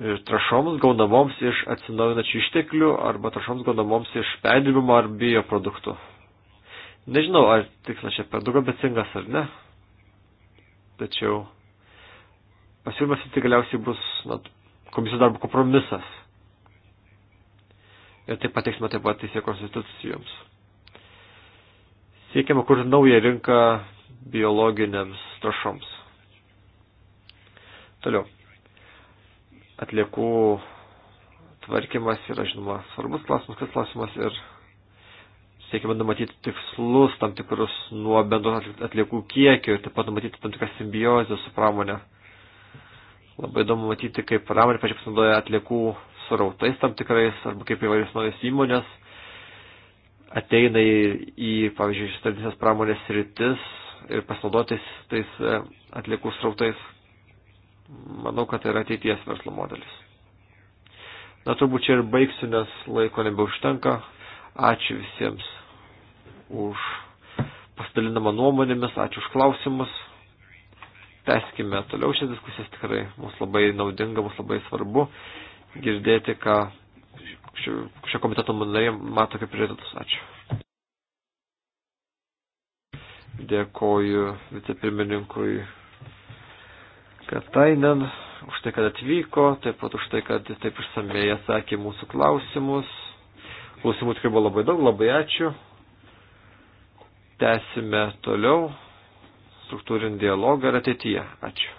ir trašoms gaunamoms iš atsinaujinačių išteklių arba trašoms gaunamoms iš perdirbimo ar bioproduktų. produktų. Nežinau, ar tikslas čia per daug ambicingas ar ne, tačiau pasiūlymas tai galiausiai bus na, komisijos darbo kompromisas. Ir tai pateiksime taip pat teisėkos institucijoms. Siekiama kurti naują rinką biologinėms trašoms. Toliau. Atliekų tvarkymas yra, žinoma, svarbus klausimas, kas klausimas ir siekiama numatyti tikslus tam tikrus nuo bendros atliekų kiekio ir taip pat numatyti tam tikrą simbiozę su pramonė. Labai įdomu matyti, kaip pramonė pačiai pasinaudoja atliekų srautais tam tikrais, arba kaip įvairios naujos įmonės ateina į, į pavyzdžiui, iš tradicinės pramonės rytis ir pasinaudotis tais e, atliekų srautais. Manau, kad tai yra ateities verslo modelis. Na, turbūt čia ir baigsiu, nes laiko nebeužtenka. Ačiū visiems už pasidalinamą nuomonėmis, ačiū už klausimus. Teskime toliau šias diskusijas tikrai. Mums labai naudinga, mums labai svarbu girdėti, ką šio, šio komiteto nariai mato kaip prioritetus. Ačiū. Dėkoju vicepirmininkui Katainen už tai, kad atvyko, taip pat už tai, kad taip išsamei atsakė mūsų klausimus. Klausimų tikrai buvo labai daug, labai ačiū. Tęsime toliau struktūrinį dialogą ir ateityje. Ačiū.